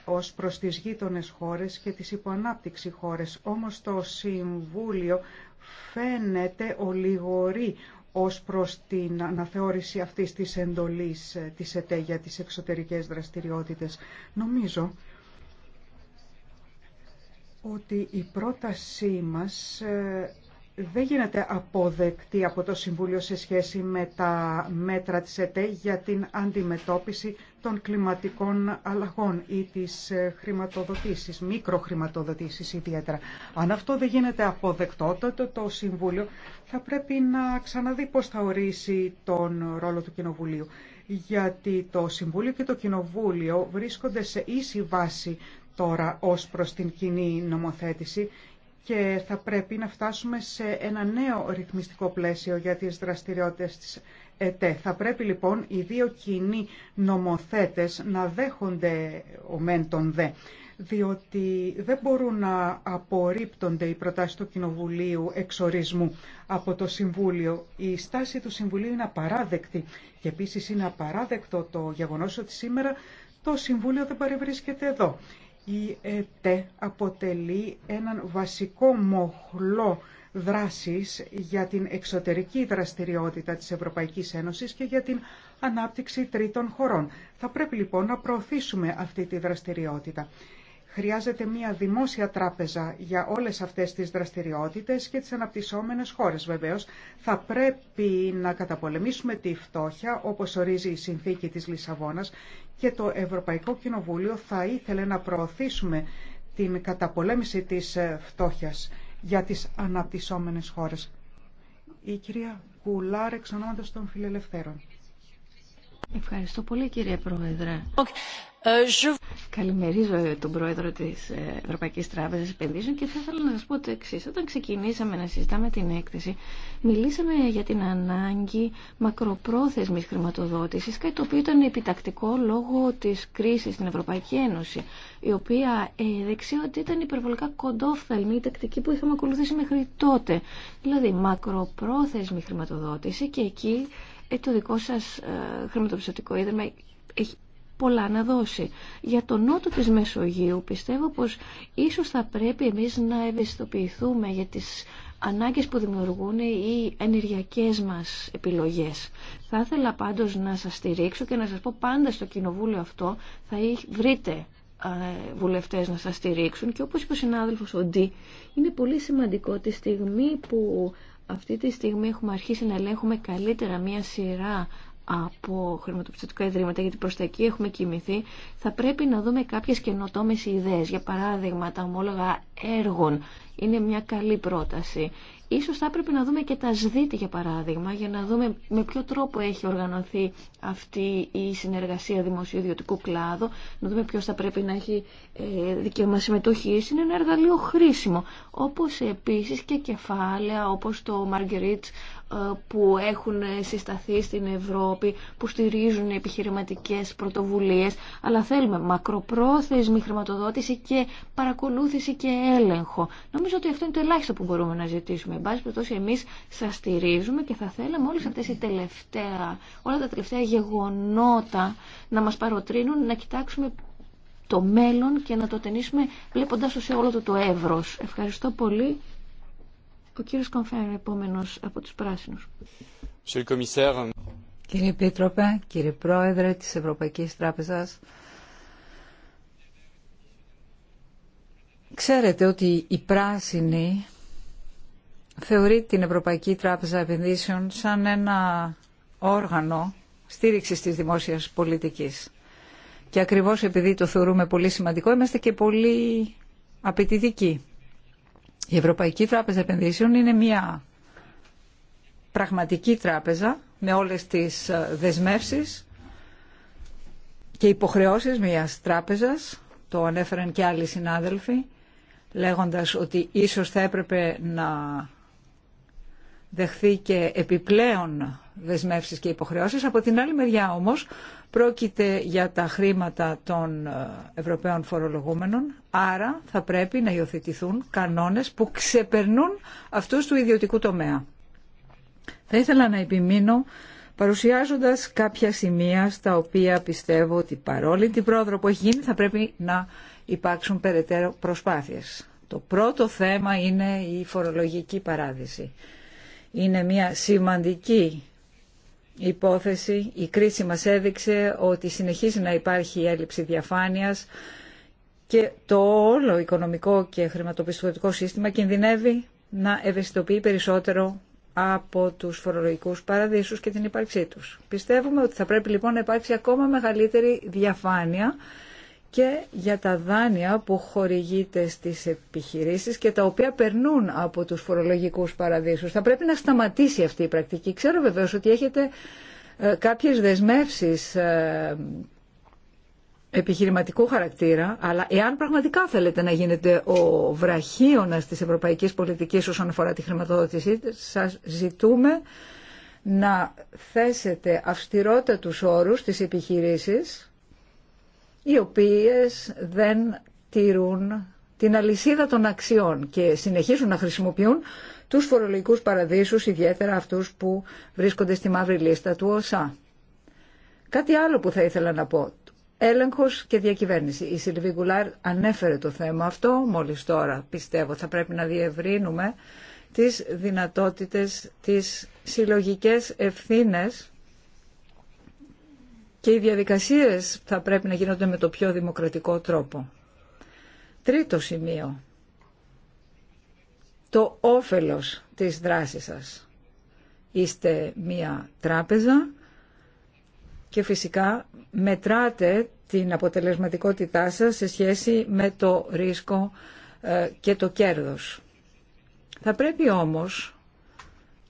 ως προς τις γείτονες χώρες και τις υποανάπτυξη χώρες. Όμως το Συμβούλιο φαίνεται ολιγορεί ως προς την αναθεώρηση αυτής της εντολής ε, της ΕΤΕ για τις εξωτερικές δραστηριότητες. Νομίζω ότι η πρότασή μας ε, δεν γίνεται αποδεκτή από το Συμβούλιο σε σχέση με τα μέτρα της ΕΤΕ για την αντιμετώπιση των κλιματικών αλλαγών ή της ε, χρηματοδοτήσεις, μικροχρηματοδοτήσεις ιδιαίτερα. Αν αυτό δεν γίνεται αποδεκτό, τότε το Συμβούλιο θα πρέπει να ξαναδεί πώς θα ορίσει τον ρόλο του Κοινοβουλίου. Γιατί το Συμβούλιο και το Κοινοβούλιο βρίσκονται σε ίση βάση τώρα ως προς την κοινή νομοθέτηση και θα πρέπει να φτάσουμε σε ένα νέο ρυθμιστικό πλαίσιο για τις δραστηριότητες της ΕΤΕ. Θα πρέπει λοιπόν οι δύο κοινοί νομοθέτες να δέχονται ο μεν τον δε, διότι δεν μπορούν να απορρίπτονται οι προτάσεις του Κοινοβουλίου εξορισμού από το Συμβούλιο. Η στάση του Συμβουλίου είναι απαράδεκτη και επίσης είναι απαράδεκτο το γεγονός ότι σήμερα το Συμβούλιο δεν παρευρίσκεται εδώ η ΕΤΕ αποτελεί έναν βασικό μοχλό δράσης για την εξωτερική δραστηριότητα της Ευρωπαϊκής Ένωσης και για την ανάπτυξη τρίτων χωρών. Θα πρέπει λοιπόν να προωθήσουμε αυτή τη δραστηριότητα. Χρειάζεται μια δημόσια τράπεζα για όλες αυτές τις δραστηριότητες και τις αναπτυσσόμενες χώρες βεβαίως. Θα πρέπει να καταπολεμήσουμε τη φτώχεια όπως ορίζει η συνθήκη της Λισαβόνας και το Ευρωπαϊκό Κοινοβούλιο θα ήθελε να προωθήσουμε την καταπολέμηση της ε, φτώχειας για τις αναπτυσσόμενες χώρες. Η κυρία Κουλάρ εξ των Φιλελευθέρων. Ευχαριστώ πολύ κύριε Πρόεδρε. Ε, Καλημερίζω ε, τον πρόεδρο τη ε, Ευρωπαϊκή Τράπεζα Επενδύσεων και θα ήθελα να σα πω το εξή. Όταν ξεκινήσαμε να συζητάμε την έκθεση, μιλήσαμε για την ανάγκη μακροπρόθεσμη χρηματοδότηση, κάτι το οποίο ήταν επιτακτικό λόγω τη κρίση στην Ευρωπαϊκή Ένωση, η οποία έδειξε ότι ήταν υπερβολικά κοντόφθαλμη η τακτική που είχαμε ακολουθήσει μέχρι τότε. Δηλαδή, μακροπρόθεσμη χρηματοδότηση και εκεί το δικό σα χρηματοπιστωτικό ίδρυμα έχει πολλά να δώσει. Για τον νότο της Μεσογείου πιστεύω πως ίσως θα πρέπει εμείς να ευαισθητοποιηθούμε για τις ανάγκες που δημιουργούν οι ενεργειακές μας επιλογές. Θα ήθελα πάντως να σας στηρίξω και να σας πω πάντα στο κοινοβούλιο αυτό θα βρείτε ε, βουλευτές να σας στηρίξουν και όπως είπε ο συνάδελφος ο Ντί, είναι πολύ σημαντικό τη στιγμή που αυτή τη στιγμή έχουμε αρχίσει να ελέγχουμε καλύτερα μία σειρά από χρηματοπιστωτικά ιδρύματα, γιατί προς τα εκεί έχουμε κοιμηθεί, θα πρέπει να δούμε κάποιες καινοτόμες ιδέες. Για παράδειγμα, τα ομόλογα έργων είναι μια καλή πρόταση. Ίσως θα έπρεπε να δούμε και τα σδίτη για παράδειγμα, για να δούμε με ποιο τρόπο έχει οργανωθεί αυτή η συνεργασια δημοσιοδιωτικού κλάδου, να δούμε ποιος θα πρέπει να έχει ε, δικαίωμα συμμετοχή. Είναι ένα εργαλείο χρήσιμο, όπως επίσης και κεφάλαια, όπως το Marguerite που έχουν συσταθεί στην Ευρώπη, που στηρίζουν επιχειρηματικές πρωτοβουλίες, αλλά θέλουμε μακροπρόθεσμη χρηματοδότηση και παρακολούθηση και έλεγχο. Νομίζω ότι αυτό είναι το ελάχιστο που μπορούμε να ζητήσουμε. Εν πάση περιπτώσει, εμείς σας στηρίζουμε και θα θέλαμε όλες αυτές οι τελευταία, όλα τα τελευταία γεγονότα να μας παροτρύνουν να κοιτάξουμε το μέλλον και να το ταινίσουμε βλέποντας το σε όλο το το εύρος. Ευχαριστώ πολύ. Ο κύριος Κομφέρα, επόμενος από τους Πράσινους. Κύριε Επίτροπε, κύριε Πρόεδρε της Ευρωπαϊκής Τράπεζας, Ξέρετε ότι η πράσινη θεωρεί την Ευρωπαϊκή Τράπεζα Επενδύσεων σαν ένα όργανο στήριξης της δημόσιας πολιτικής. Και ακριβώς επειδή το θεωρούμε πολύ σημαντικό, είμαστε και πολύ απαιτητικοί. Η Ευρωπαϊκή Τράπεζα Επενδύσεων είναι μια πραγματική τράπεζα με όλες τις ε, δεσμεύσεις και υποχρεώσεις μιας τράπεζας, το ανέφεραν και άλλοι συνάδελφοι, λέγοντας ότι ίσως θα έπρεπε να δεχθεί και επιπλέον δεσμεύσεις και υποχρεώσεις. Από την άλλη μεριά όμως πρόκειται για τα χρήματα των ε, Ευρωπαίων φορολογούμενων, άρα θα πρέπει να υιοθετηθούν κανόνες που ξεπερνούν αυτούς του ιδιωτικού τομέα. Θα ήθελα να επιμείνω παρουσιάζοντας κάποια σημεία στα οποία πιστεύω ότι παρόλη την πρόοδο που έχει γίνει θα πρέπει να υπάρξουν περαιτέρω προσπάθειες. Το πρώτο θέμα είναι η φορολογική παράδειση. Είναι μια σημαντική υπόθεση. Η κρίση μας έδειξε ότι συνεχίζει να υπάρχει έλλειψη διαφάνειας και το όλο οικονομικό και χρηματοπιστωτικό σύστημα κινδυνεύει να ευαισθητοποιεί περισσότερο από τους φορολογικούς παραδείσους και την ύπαρξή τους. Πιστεύουμε ότι θα πρέπει λοιπόν να υπάρξει ακόμα μεγαλύτερη διαφάνεια και για τα δάνεια που χορηγείται στις επιχειρήσεις και τα οποία περνούν από τους φορολογικούς παραδείσους. Θα πρέπει να σταματήσει αυτή η πρακτική. Ξέρω βεβαίω ότι έχετε ε, κάποιες δεσμεύσεις ε, επιχειρηματικού χαρακτήρα, αλλά εάν πραγματικά θέλετε να γίνετε ο βραχίωνας της ευρωπαϊκής πολιτικής όσον αφορά τη χρηματοδότησή σας ζητούμε να θέσετε αυστηρότατους όρους στις επιχειρήσεις οι οποίες δεν τηρούν την αλυσίδα των αξιών και συνεχίζουν να χρησιμοποιούν τους φορολογικούς παραδείσους, ιδιαίτερα αυτούς που βρίσκονται στη μαύρη λίστα του ΟΣΑ. Κάτι άλλο που θα ήθελα να πω. Έλεγχος και διακυβέρνηση. Η Σιλβί Γκουλάρ ανέφερε το θέμα αυτό μόλις τώρα. Πιστεύω θα πρέπει να διευρύνουμε τις δυνατότητες, τις συλλογικές ευθύνες και οι διαδικασίες θα πρέπει να γίνονται με το πιο δημοκρατικό τρόπο. Τρίτο σημείο. Το όφελος της δράσης σας. Είστε μία τράπεζα και φυσικά μετράτε την αποτελεσματικότητά σας σε σχέση με το ρίσκο ε, και το κέρδος. Θα πρέπει όμως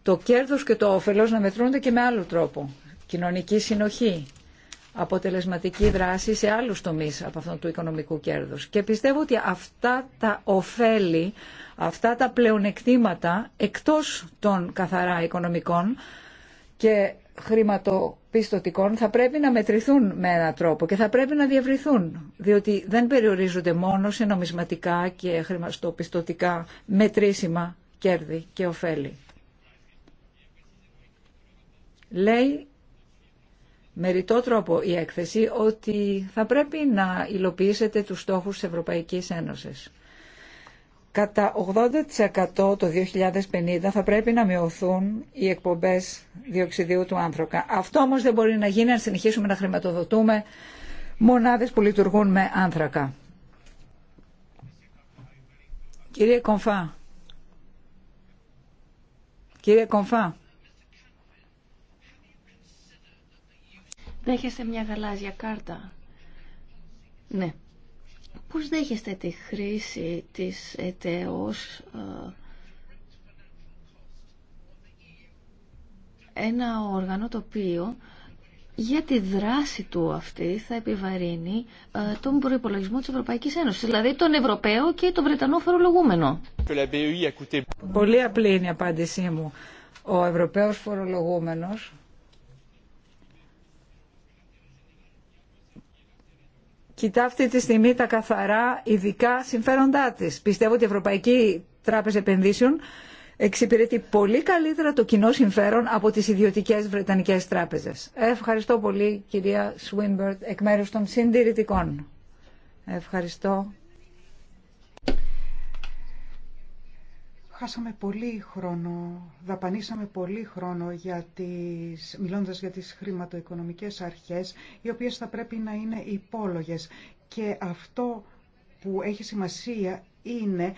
το κέρδος και το όφελος να μετρούνται και με άλλο τρόπο. Κοινωνική συνοχή, αποτελεσματική δράση σε άλλους τομείς από αυτόν του οικονομικού κέρδους. Και πιστεύω ότι αυτά τα ωφέλη, αυτά τα πλεονεκτήματα εκτός των καθαρά οικονομικών και χρηματοπιστωτικών θα πρέπει να μετρηθούν με έναν τρόπο και θα πρέπει να διευρυθούν, διότι δεν περιορίζονται μόνο σε νομισματικά και χρηματοπιστωτικά μετρήσιμα κέρδη και ωφέλη. Λέει με ρητό τρόπο η έκθεση ότι θα πρέπει να υλοποιήσετε τους στόχους της Ευρωπαϊκής Ένωσης. Κατά 80% το 2050 θα πρέπει να μειωθούν οι εκπομπές διοξιδίου του άνθρακα. Αυτό όμως δεν μπορεί να γίνει αν συνεχίσουμε να χρηματοδοτούμε μονάδες που λειτουργούν με άνθρακα. Κύριε Κομφά. Κύριε Κομφά. Δέχεστε μια γαλάζια κάρτα. Ναι. Πώς δέχεστε τη χρήση της ΕΤΕΟΣ ε, ένα όργανο το οποίο για τη δράση του αυτή θα επιβαρύνει ε, τον προϋπολογισμό της Ευρωπαϊκής Ένωσης, δηλαδή τον Ευρωπαίο και τον Βρετανό φορολογούμενο. Πολύ απλή είναι η απάντησή μου. Ο Ευρωπαίος φορολογούμενος κοιτά αυτή τη στιγμή τα καθαρά ειδικά συμφέροντά τη. Πιστεύω ότι η Ευρωπαϊκή Τράπεζα Επενδύσεων εξυπηρετεί πολύ καλύτερα το κοινό συμφέρον από τις ιδιωτικές Βρετανικές τράπεζες. Ε, ευχαριστώ πολύ κυρία Σουίνμπερτ εκ μέρους των συντηρητικών. Ευχαριστώ χάσαμε πολύ χρόνο, δαπανίσαμε πολύ χρόνο για τις, μιλώντας για τις χρηματοοικονομικές αρχές, οι οποίες θα πρέπει να είναι υπόλογες. Και αυτό που έχει σημασία είναι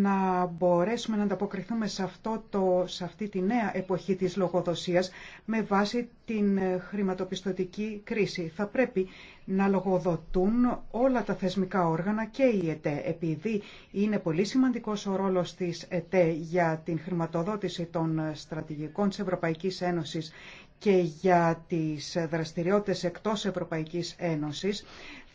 να μπορέσουμε να ανταποκριθούμε σε, αυτό το, σε αυτή τη νέα εποχή της λογοδοσίας με βάση την ε, χρηματοπιστωτική κρίση. Θα πρέπει να λογοδοτούν όλα τα θεσμικά όργανα και η ΕΤΕ, επειδή είναι πολύ σημαντικός ο ρόλος της ΕΤΕ για την χρηματοδότηση των στρατηγικών της Ευρωπαϊκής Ένωσης και για τις δραστηριότητες εκτός Ευρωπαϊκής Ένωσης,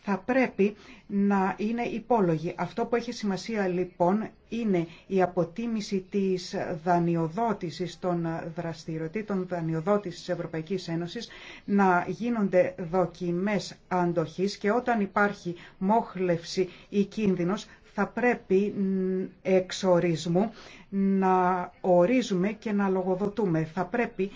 θα πρέπει να είναι υπόλογοι. Αυτό που έχει σημασία λοιπόν είναι η αποτίμηση της δανειοδότησης των δραστηριοτήτων δανειοδότησης της Ευρωπαϊκής Ένωσης να γίνονται δοκιμές αντοχής και όταν υπάρχει μόχλευση ή κίνδυνος θα πρέπει εξορισμού να ορίζουμε και να λογοδοτούμε. Θα πρέπει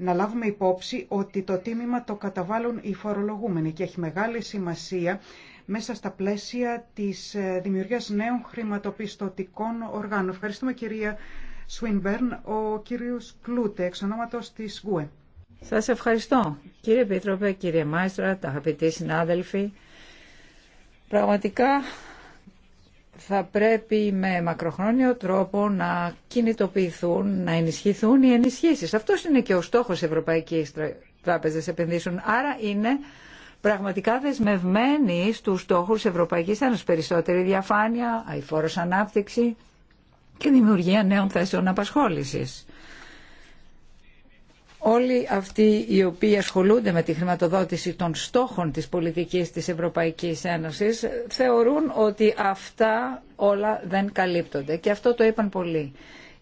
να λάβουμε υπόψη ότι το τίμημα το καταβάλουν οι φορολογούμενοι και έχει μεγάλη σημασία μέσα στα πλαίσια της ε, δημιουργίας νέων χρηματοπιστωτικών οργάνων. Ευχαριστούμε κυρία Σουινμπέρν, ο κύριος Κλούτε, εξ ονόματος της ΓΟΕ. Σας ευχαριστώ. Κύριε Πίτροπε, κύριε Μάιστρα, τα αγαπητοί συνάδελφοι, πραγματικά θα πρέπει με μακροχρόνιο τρόπο να κινητοποιηθούν, να ενισχυθούν οι ενισχύσεις. Αυτό είναι και ο στόχος Ευρωπαϊκής Τράπεζας Επενδύσεων. Άρα είναι πραγματικά δεσμευμένη στους στόχους Ευρωπαϊκής Ένωση. Περισσότερη διαφάνεια, αηφόρος ανάπτυξη και δημιουργία νέων θέσεων απασχόλησης όλοι αυτοί οι οποίοι ασχολούνται με τη χρηματοδότηση των στόχων της πολιτικής της Ευρωπαϊκής Ένωσης θεωρούν ότι αυτά όλα δεν καλύπτονται και αυτό το είπαν πολλοί.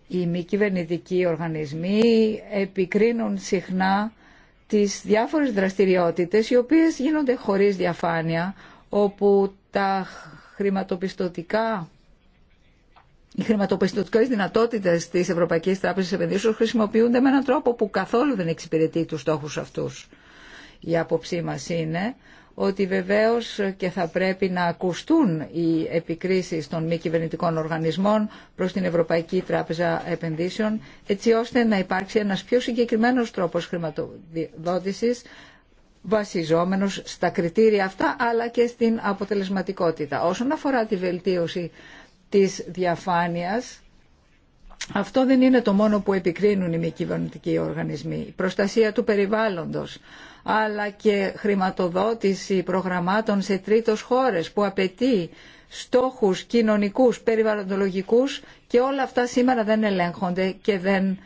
Οι μη κυβερνητικοί οργανισμοί επικρίνουν συχνά τις διάφορες δραστηριότητες οι οποίες γίνονται χωρίς διαφάνεια όπου τα χρηματοπιστωτικά οι χρηματοπιστωτικέ δυνατότητε τη Ευρωπαϊκή Τράπεζα Επενδύσεων χρησιμοποιούνται με έναν τρόπο που καθόλου δεν εξυπηρετεί του στόχου αυτού. Η άποψή μα είναι ότι βεβαίω και θα πρέπει να ακουστούν οι επικρίσεις των μη κυβερνητικών οργανισμών προ την Ευρωπαϊκή Τράπεζα Επενδύσεων, έτσι ώστε να υπάρξει ένα πιο συγκεκριμένο τρόπο χρηματοδότηση βασιζόμενος στα κριτήρια αυτά αλλά και στην αποτελεσματικότητα. Όσον αφορά τη βελτίωση της διαφάνειας. Αυτό δεν είναι το μόνο που επικρίνουν οι μη κυβερνητικοί οργανισμοί. Η προστασία του περιβάλλοντος, αλλά και χρηματοδότηση προγραμμάτων σε τρίτος χώρες που απαιτεί στόχους κοινωνικούς, περιβαλλοντολογικούς και όλα αυτά σήμερα δεν ελέγχονται και δεν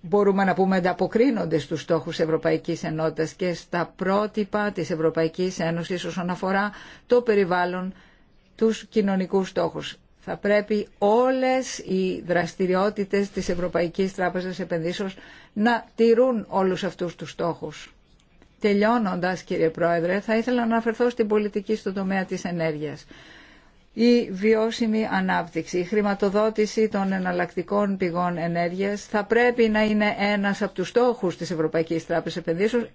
μπορούμε να πούμε ανταποκρίνονται στους στόχους Ευρωπαϊκής Ενότητας και στα πρότυπα της Ευρωπαϊκής Ένωσης όσον αφορά το περιβάλλον, τους κοινωνικούς στόχους θα πρέπει όλες οι δραστηριότητες της Ευρωπαϊκής Τράπεζας Επενδύσεως να τηρούν όλους αυτούς τους στόχους. Τελειώνοντας, κύριε Πρόεδρε, θα ήθελα να αναφερθώ στην πολιτική στον τομέα της ενέργειας. Η βιώσιμη ανάπτυξη, η χρηματοδότηση των εναλλακτικών πηγών ενέργειας θα πρέπει να είναι ένας από τους στόχους της Ευρωπαϊκής Τράπεζας Επενδύσεως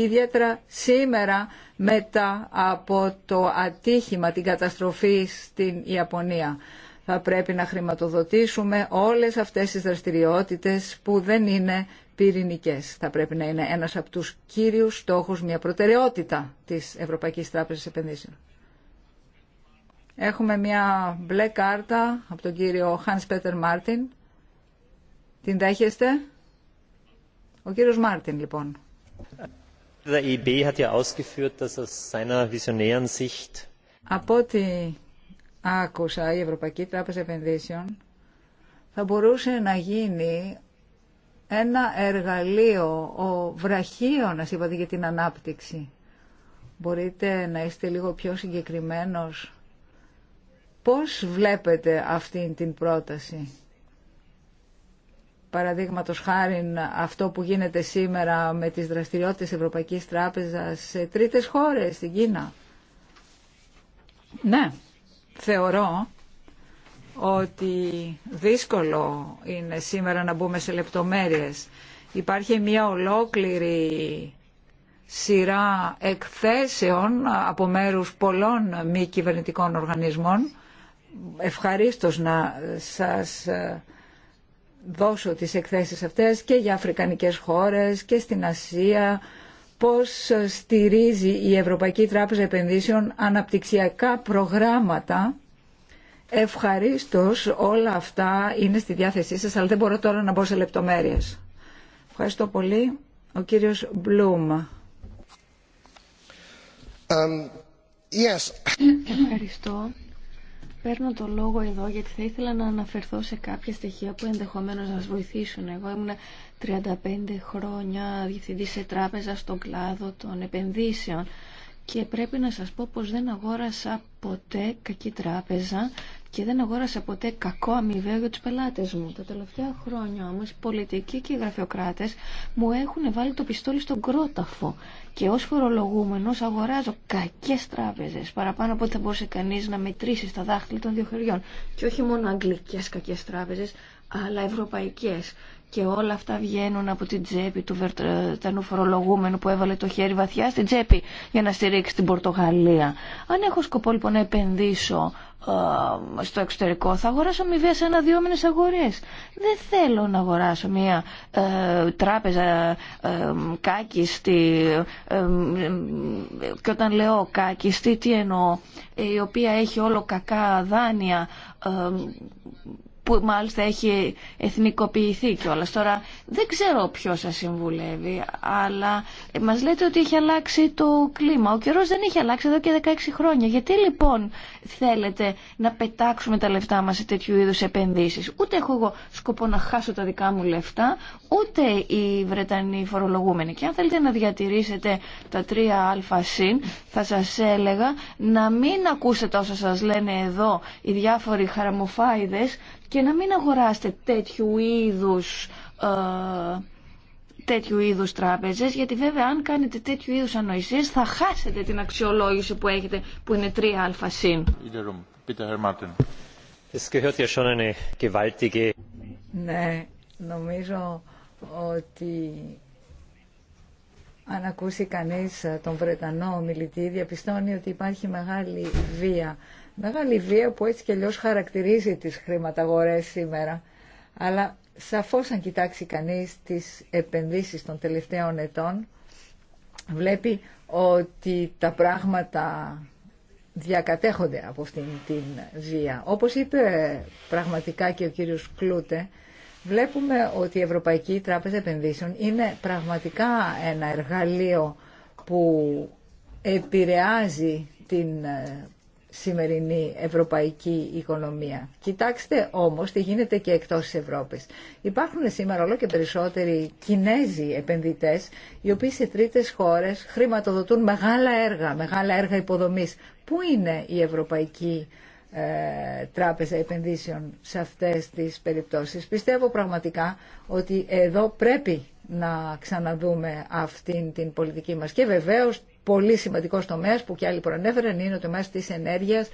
ιδιαίτερα σήμερα μετά από το ατύχημα, την καταστροφή στην Ιαπωνία. Θα πρέπει να χρηματοδοτήσουμε όλες αυτές τις δραστηριότητες που δεν είναι πυρηνικές. Θα πρέπει να είναι ένας από τους κύριους στόχους, μια προτεραιότητα της Ευρωπαϊκής Τράπεζας Επενδύσεων. Έχουμε μια μπλε κάρτα από τον κύριο Hans Peter Μάρτιν. Την δέχεστε. Ο κύριος Μάρτιν λοιπόν από ό,τι άκουσα η Ευρωπαϊκή Τράπεζα Επενδύσεων θα μπορούσε να γίνει ένα εργαλείο, ο να είπατε για την ανάπτυξη. Μπορείτε να είστε λίγο πιο συγκεκριμένος. Πώς βλέπετε αυτή την πρόταση παραδείγματο χάρη αυτό που γίνεται σήμερα με τις δραστηριότητες Ευρωπαϊκής Τράπεζας σε τρίτε χώρε στην Κίνα. Ναι, θεωρώ ότι δύσκολο είναι σήμερα να μπούμε σε λεπτομέρειες. Υπάρχει μια ολόκληρη σειρά εκθέσεων από μέρους πολλών μη κυβερνητικών οργανισμών. Ευχαρίστως να σας ε, δώσω τις εκθέσεις αυτές και για αφρικανικές χώρες και στην Ασία, πώς στηρίζει η Ευρωπαϊκή Τράπεζα Επενδύσεων αναπτυξιακά προγράμματα. Ευχαρίστως όλα αυτά είναι στη διάθεσή σας, αλλά δεν μπορώ τώρα να μπω σε λεπτομέρειες. Ευχαριστώ πολύ. Ο κύριος Μπλουμ. Um, yes. Ευχαριστώ. Παίρνω το λόγο εδώ γιατί θα ήθελα να αναφερθώ σε κάποια στοιχεία που ενδεχομένως να σας βοηθήσουν. Εγώ ήμουν 35 χρόνια διευθυντή σε τράπεζα στον κλάδο των επενδύσεων και πρέπει να σας πω πως δεν αγόρασα ποτέ κακή τράπεζα και δεν αγόρασα ποτέ κακό αμοιβαίο για τους πελάτες μου. Τα τελευταία χρόνια όμως πολιτικοί και οι γραφειοκράτες μου έχουν βάλει το πιστόλι στον κρόταφο και ως φορολογούμενος αγοράζω κακές τράπεζες παραπάνω από ό,τι θα μπορούσε κανείς να μετρήσει στα δάχτυλα των δύο χεριών και όχι μόνο αγγλικές κακές τράπεζες αλλά ευρωπαϊκές και όλα αυτά βγαίνουν από την τσέπη του Βερτανού φορολογούμενου που έβαλε το χέρι βαθιά στην τσέπη για να στηρίξει την Πορτογαλία. Αν έχω σκοπό λοιπόν να επενδύσω ε, στο εξωτερικό θα αγοράσω αμοιβέ σε ένα-δύο αγορές. Δεν θέλω να αγοράσω μια ε, τράπεζα ε, κάκιστη και όταν λέω κάκιστη τι εννοώ η οποία έχει όλο κακά δάνεια που μάλιστα έχει εθνικοποιηθεί κιόλα. Τώρα δεν ξέρω ποιο σα συμβουλεύει, αλλά μα λέτε ότι έχει αλλάξει το κλίμα. Ο καιρό δεν έχει αλλάξει εδώ και 16 χρόνια. Γιατί λοιπόν θέλετε να πετάξουμε τα λεφτά μα σε τέτοιου είδου επενδύσει. Ούτε έχω εγώ σκοπό να χάσω τα δικά μου λεφτά, ούτε οι Βρετανοί φορολογούμενοι. Και αν θέλετε να διατηρήσετε τα 3α συν, θα σα έλεγα να μην ακούσετε όσα σα λένε εδώ οι διάφοροι χαραμοφάιδε και να μην αγοράσετε τέτοιου είδους ε, τέτοιου είδους τράπεζες γιατί βέβαια αν κάνετε τέτοιου είδους ανοησίες θα χάσετε την αξιολόγηση που έχετε που είναι 3α συν. Ναι, νομίζω ότι αν ακούσει κανείς τον Βρετανό μιλητή διαπιστώνει ότι υπάρχει μεγάλη βία μεγάλη βία που έτσι και αλλιώ χαρακτηρίζει τις χρηματαγορές σήμερα. Αλλά σαφώς αν κοιτάξει κανείς τις επενδύσεις των τελευταίων ετών, βλέπει ότι τα πράγματα διακατέχονται από αυτήν την βία. Όπως είπε πραγματικά και ο κύριος Κλούτε, βλέπουμε ότι η Ευρωπαϊκή Τράπεζα Επενδύσεων είναι πραγματικά ένα εργαλείο που επηρεάζει την σημερινή ευρωπαϊκή οικονομία. Κοιτάξτε όμως τι γίνεται και εκτός της Ευρώπης. Υπάρχουν σήμερα όλο και περισσότεροι Κινέζοι επενδυτές, οι οποίοι σε τρίτες χώρες χρηματοδοτούν μεγάλα έργα, μεγάλα έργα υποδομής. Πού είναι η Ευρωπαϊκή ε, τράπεζα επενδύσεων σε αυτές τις περιπτώσεις. Πιστεύω πραγματικά ότι εδώ πρέπει να ξαναδούμε αυτήν την πολιτική μας και βεβαίως πολύ σημαντικός τομέας που και άλλοι προανέφεραν είναι ο τομέας της ενέργειας.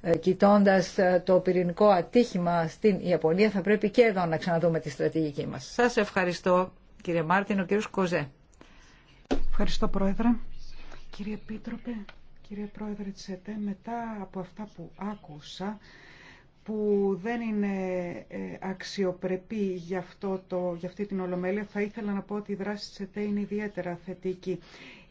Ε, κοιτώντας ε, το πυρηνικό ατύχημα στην Ιαπωνία θα πρέπει και εδώ να ξαναδούμε τη στρατηγική μας. Σας ευχαριστώ κύριε Μάρτιν, ο κύριος Κοζέ. Ευχαριστώ Πρόεδρε. Κύριε Επίτροπε, κύριε Πρόεδρε της ΕΤΕ, μετά από αυτά που άκουσα, που δεν είναι ε, αξιοπρεπή για, το, για αυτή την ολομέλεια, θα ήθελα να πω ότι η δράση της ΕΤΕ είναι ιδιαίτερα θετική.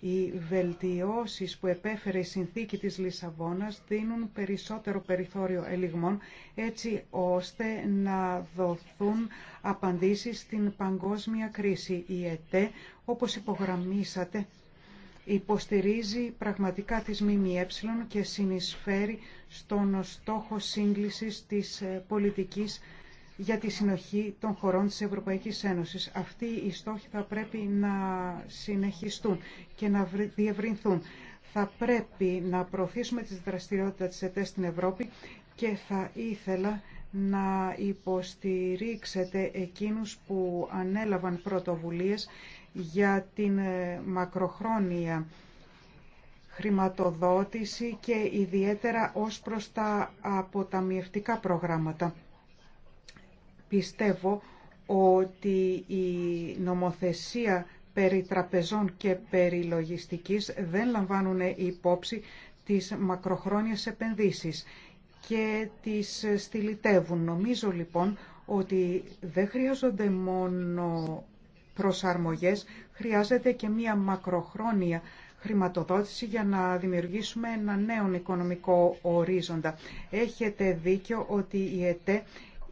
Οι βελτιώσεις που επέφερε η συνθήκη της Λισαβόνας δίνουν περισσότερο περιθώριο ελιγμών έτσι ώστε να δοθούν απαντήσεις στην παγκόσμια κρίση. Η ΕΤΕ, όπως υπογραμμίσατε, υποστηρίζει πραγματικά τις ΜΜΕ και συνεισφέρει στον στόχο σύγκλησης της πολιτικής για τη συνοχή των χωρών της Ευρωπαϊκής Ένωσης. Αυτοί οι στόχοι θα πρέπει να συνεχιστούν και να διευρυνθούν. Θα πρέπει να προωθήσουμε τις δραστηριότητα της ΕΤΕ στην Ευρώπη και θα ήθελα να υποστηρίξετε εκείνους που ανέλαβαν πρωτοβουλίες για την ε, μακροχρόνια χρηματοδότηση και ιδιαίτερα ως προς τα αποταμιευτικά προγράμματα. Πιστεύω ότι η νομοθεσία περί τραπεζών και περί λογιστικής δεν λαμβάνουν υπόψη τις μακροχρόνιες επενδύσεις και τις στυλιτεύουν. Νομίζω λοιπόν ότι δεν χρειάζονται μόνο προσαρμογές, χρειάζεται και μία μακροχρόνια χρηματοδότηση για να δημιουργήσουμε ένα νέο οικονομικό ορίζοντα. Έχετε δίκιο ότι η ΕΤΕ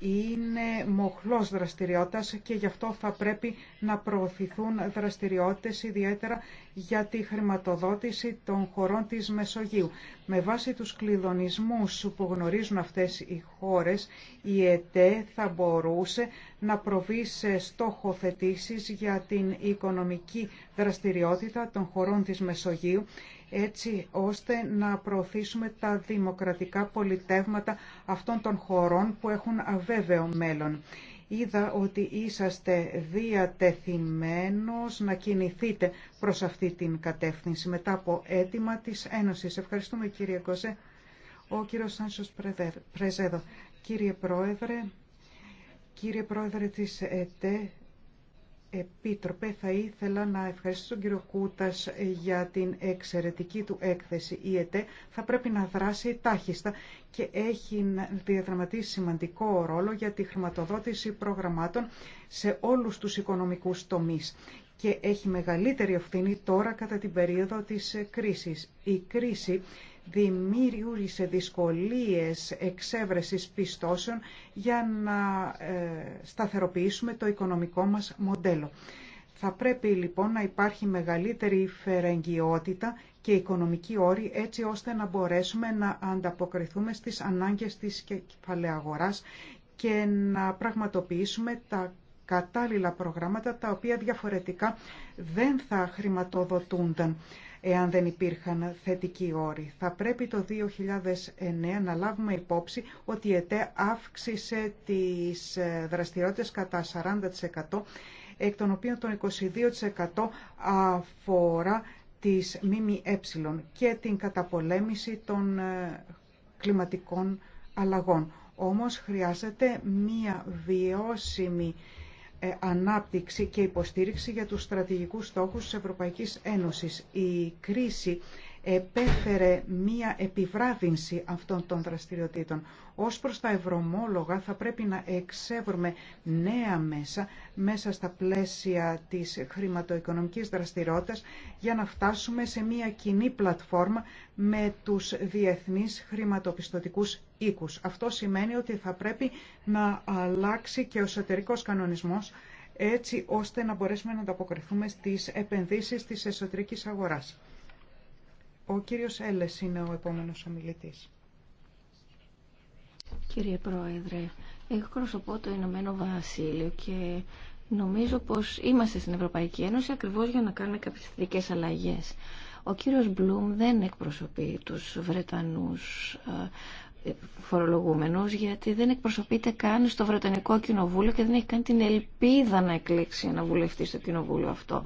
είναι μοχλός δραστηριότητας και γι' αυτό θα πρέπει να προωθηθούν δραστηριότητες ιδιαίτερα για τη χρηματοδότηση των χωρών της Μεσογείου. Με βάση τους κλειδονισμούς που γνωρίζουν αυτές οι χώρες, η ΕΤΕ θα μπορούσε να προβεί σε στόχοθετήσεις για την οικονομική δραστηριότητα των χωρών της Μεσογείου έτσι ώστε να προωθήσουμε τα δημοκρατικά πολιτεύματα αυτών των χωρών που έχουν αβέβαιο μέλλον. Είδα ότι είσαστε διατεθειμένος να κινηθείτε προς αυτή την κατεύθυνση μετά από αίτημα της Ένωσης. Ευχαριστούμε κύριε Κοζέ. Ο κύριος Σάνσος Πρεζέδο. Κύριε Πρόεδρε, κύριε Πρόεδρε της ΕΤΕ, Επίτροπε, θα ήθελα να ευχαριστήσω τον κύριο Κούτας για την εξαιρετική του έκθεση. Η ΕΤΕ θα πρέπει να δράσει τάχιστα και έχει διαδραματίσει σημαντικό ρόλο για τη χρηματοδότηση προγραμμάτων σε όλους τους οικονομικούς τομείς και έχει μεγαλύτερη ευθύνη τώρα κατά την περίοδο της κρίσης. Η κρίση δημιούργησε δυσκολίες εξέβρεσης πιστώσεων για να ε, σταθεροποιήσουμε το οικονομικό μας μοντέλο. Θα πρέπει λοιπόν να υπάρχει μεγαλύτερη φερεγγιότητα και οικονομική όρη έτσι ώστε να μπορέσουμε να ανταποκριθούμε στις ανάγκες της κεφαλαιαγοράς και να πραγματοποιήσουμε τα κατάλληλα προγράμματα τα οποία διαφορετικά δεν θα χρηματοδοτούνταν εάν δεν υπήρχαν θετικοί όροι. Θα πρέπει το 2009 να λάβουμε υπόψη ότι η ΕΤΕ αύξησε τις ε, δραστηριότητες κατά 40% εκ των οποίων το 22% αφορά τις ΜΜΕ και την καταπολέμηση των ε, κλιματικών αλλαγών. Όμως χρειάζεται μία βιώσιμη ε, ανάπτυξη και υποστήριξη για τους στρατηγικούς στόχους της Ευρωπαϊκής Ένωσης. Η κρίση επέφερε μία επιβράδυνση αυτών των δραστηριοτήτων. Ως προς τα ευρωμόλογα θα πρέπει να εξεύρουμε νέα μέσα μέσα στα πλαίσια της χρηματοοικονομικής δραστηριότητας για να φτάσουμε σε μία κοινή πλατφόρμα με τους διεθνείς χρηματοπιστωτικούς οίκους. Αυτό σημαίνει ότι θα πρέπει να αλλάξει και ο εσωτερικός κανονισμός έτσι ώστε να μπορέσουμε να ανταποκριθούμε στις επενδύσεις της εσωτερικής αγοράς. Ο κύριος Έλες είναι ο επόμενος ομιλητής. Κύριε Πρόεδρε, εγώ προσωπώ το Ηνωμένο Βασίλειο και νομίζω πως είμαστε στην Ευρωπαϊκή Ένωση ακριβώς για να κάνουμε κάποιες θετικές αλλαγές. Ο κύριος Μπλουμ δεν εκπροσωπεί τους Βρετανούς φορολογούμενους γιατί δεν εκπροσωπείται καν στο Βρετανικό Κοινοβούλιο και δεν έχει καν την ελπίδα να εκλέξει ένα βουλευτή στο Κοινοβούλιο αυτό.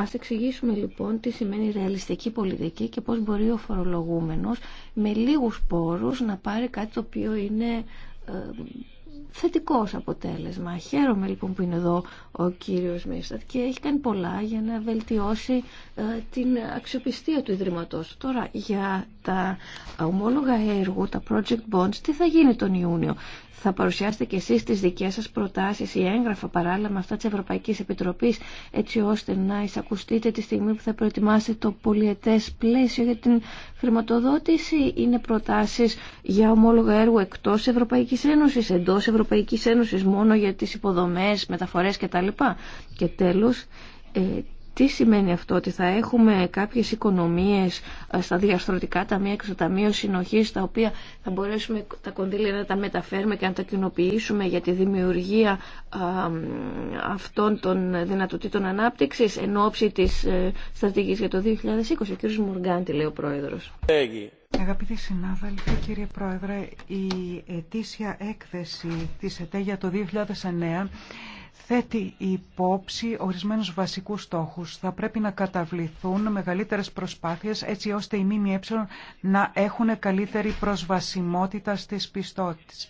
Ας εξηγήσουμε λοιπόν τι σημαίνει ρεαλιστική πολιτική και πώς μπορεί ο φορολογούμενος με λίγους πόρους να πάρει κάτι το οποίο είναι ε, θετικό αποτέλεσμα. Χαίρομαι λοιπόν που είναι εδώ ο κύριος Μίστατ και έχει κάνει πολλά για να βελτιώσει ε, την αξιοπιστία του Ιδρύματός. Τώρα για τα ομόλογα έργου, τα project bonds, τι θα γίνει τον Ιούνιο θα παρουσιάσετε και εσείς τις δικές σας προτάσεις ή έγγραφα παράλληλα με αυτά της Ευρωπαϊκής Επιτροπής έτσι ώστε να εισακουστείτε τη στιγμή που θα προετοιμάσετε το πολιετές πλαίσιο για την χρηματοδότηση είναι προτάσεις για ομόλογα έργου εκτός Ευρωπαϊκής Ένωσης, εντός Ευρωπαϊκής Ένωσης μόνο για τις υποδομές, μεταφορές κτλ. Και τέλος, ε, τι σημαίνει αυτό, ότι θα έχουμε κάποιες οικονομίες ε, στα διαστρωτικά ταμεία και στο Ταμείο Συνοχής, τα οποία θα μπορέσουμε τα κονδύλια να τα μεταφέρουμε και να τα κοινοποιήσουμε για τη δημιουργία αυτών των δυνατοτήτων ανάπτυξης εν ώψη της ε, στρατηγικής για το 2020. Ο κ. Μουργκάντη, λέει ο Πρόεδρος. Αγαπητοί συνάδελφοι, κύριε Πρόεδρε, η ετήσια έκθεση της ΕΤΕ για το 2009 θέτει υπόψη ορισμένους βασικούς στόχους. Θα πρέπει να καταβληθούν μεγαλύτερες προσπάθειες έτσι ώστε οι ΜΜΕ να έχουν καλύτερη προσβασιμότητα στις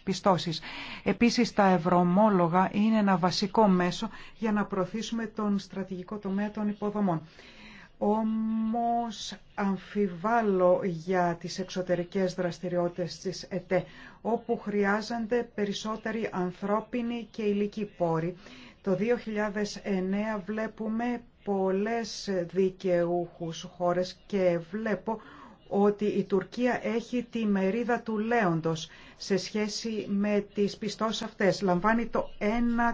πιστώσεις. Επίσης τα ευρωμόλογα είναι ένα βασικό μέσο για να προωθήσουμε τον στρατηγικό τομέα των υποδομών. Όμως αμφιβάλλω για τις εξωτερικές δραστηριότητες της ΕΤΕ, όπου χρειάζονται περισσότεροι ανθρώπινοι και ηλικοί πόροι. Το 2009 βλέπουμε πολλές δικαιούχους χώρες και βλέπω ότι η Τουρκία έχει τη μερίδα του λέοντος σε σχέση με τις πιστώσεις αυτές. Λαμβάνει το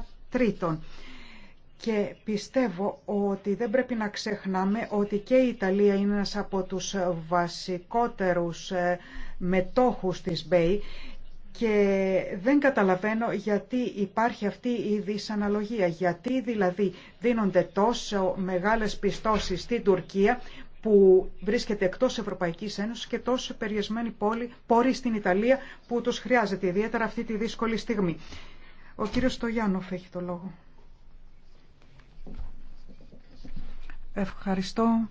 1 τρίτον και πιστεύω ότι δεν πρέπει να ξεχνάμε ότι και η Ιταλία είναι ένας από τους βασικότερους ε, μετόχους της ΜΠΕΙ και δεν καταλαβαίνω γιατί υπάρχει αυτή η δυσαναλογία. Γιατί δηλαδή δίνονται τόσο μεγάλες πιστώσεις στην Τουρκία που βρίσκεται εκτός Ευρωπαϊκής Ένωσης και τόσο περιεσμένη πόλη, πόρη στην Ιταλία που τους χρειάζεται, ιδιαίτερα αυτή τη δύσκολη στιγμή. Ο κύριος Στογιάννοφ έχει το λόγο. Ευχαριστώ.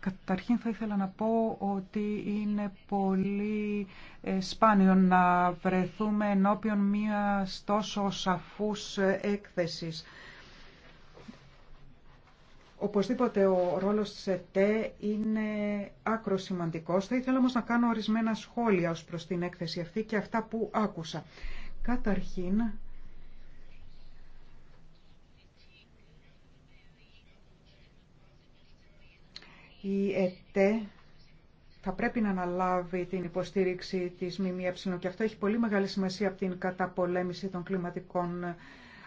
Καταρχήν θα ήθελα να πω ότι είναι πολύ ε, σπάνιο να βρεθούμε ενώπιον μία τόσο σαφούς έκθεσης. Οπωσδήποτε ο ρόλος της ΕΤΕ είναι άκρο σημαντικός. Θα ήθελα όμως να κάνω ορισμένα σχόλια ως προς την έκθεση αυτή και αυτά που άκουσα. Καταρχήν, η ΕΤΕ θα πρέπει να αναλάβει την υποστήριξη της ΜΜΕ και αυτό έχει πολύ μεγάλη σημασία από την καταπολέμηση των κλιματικών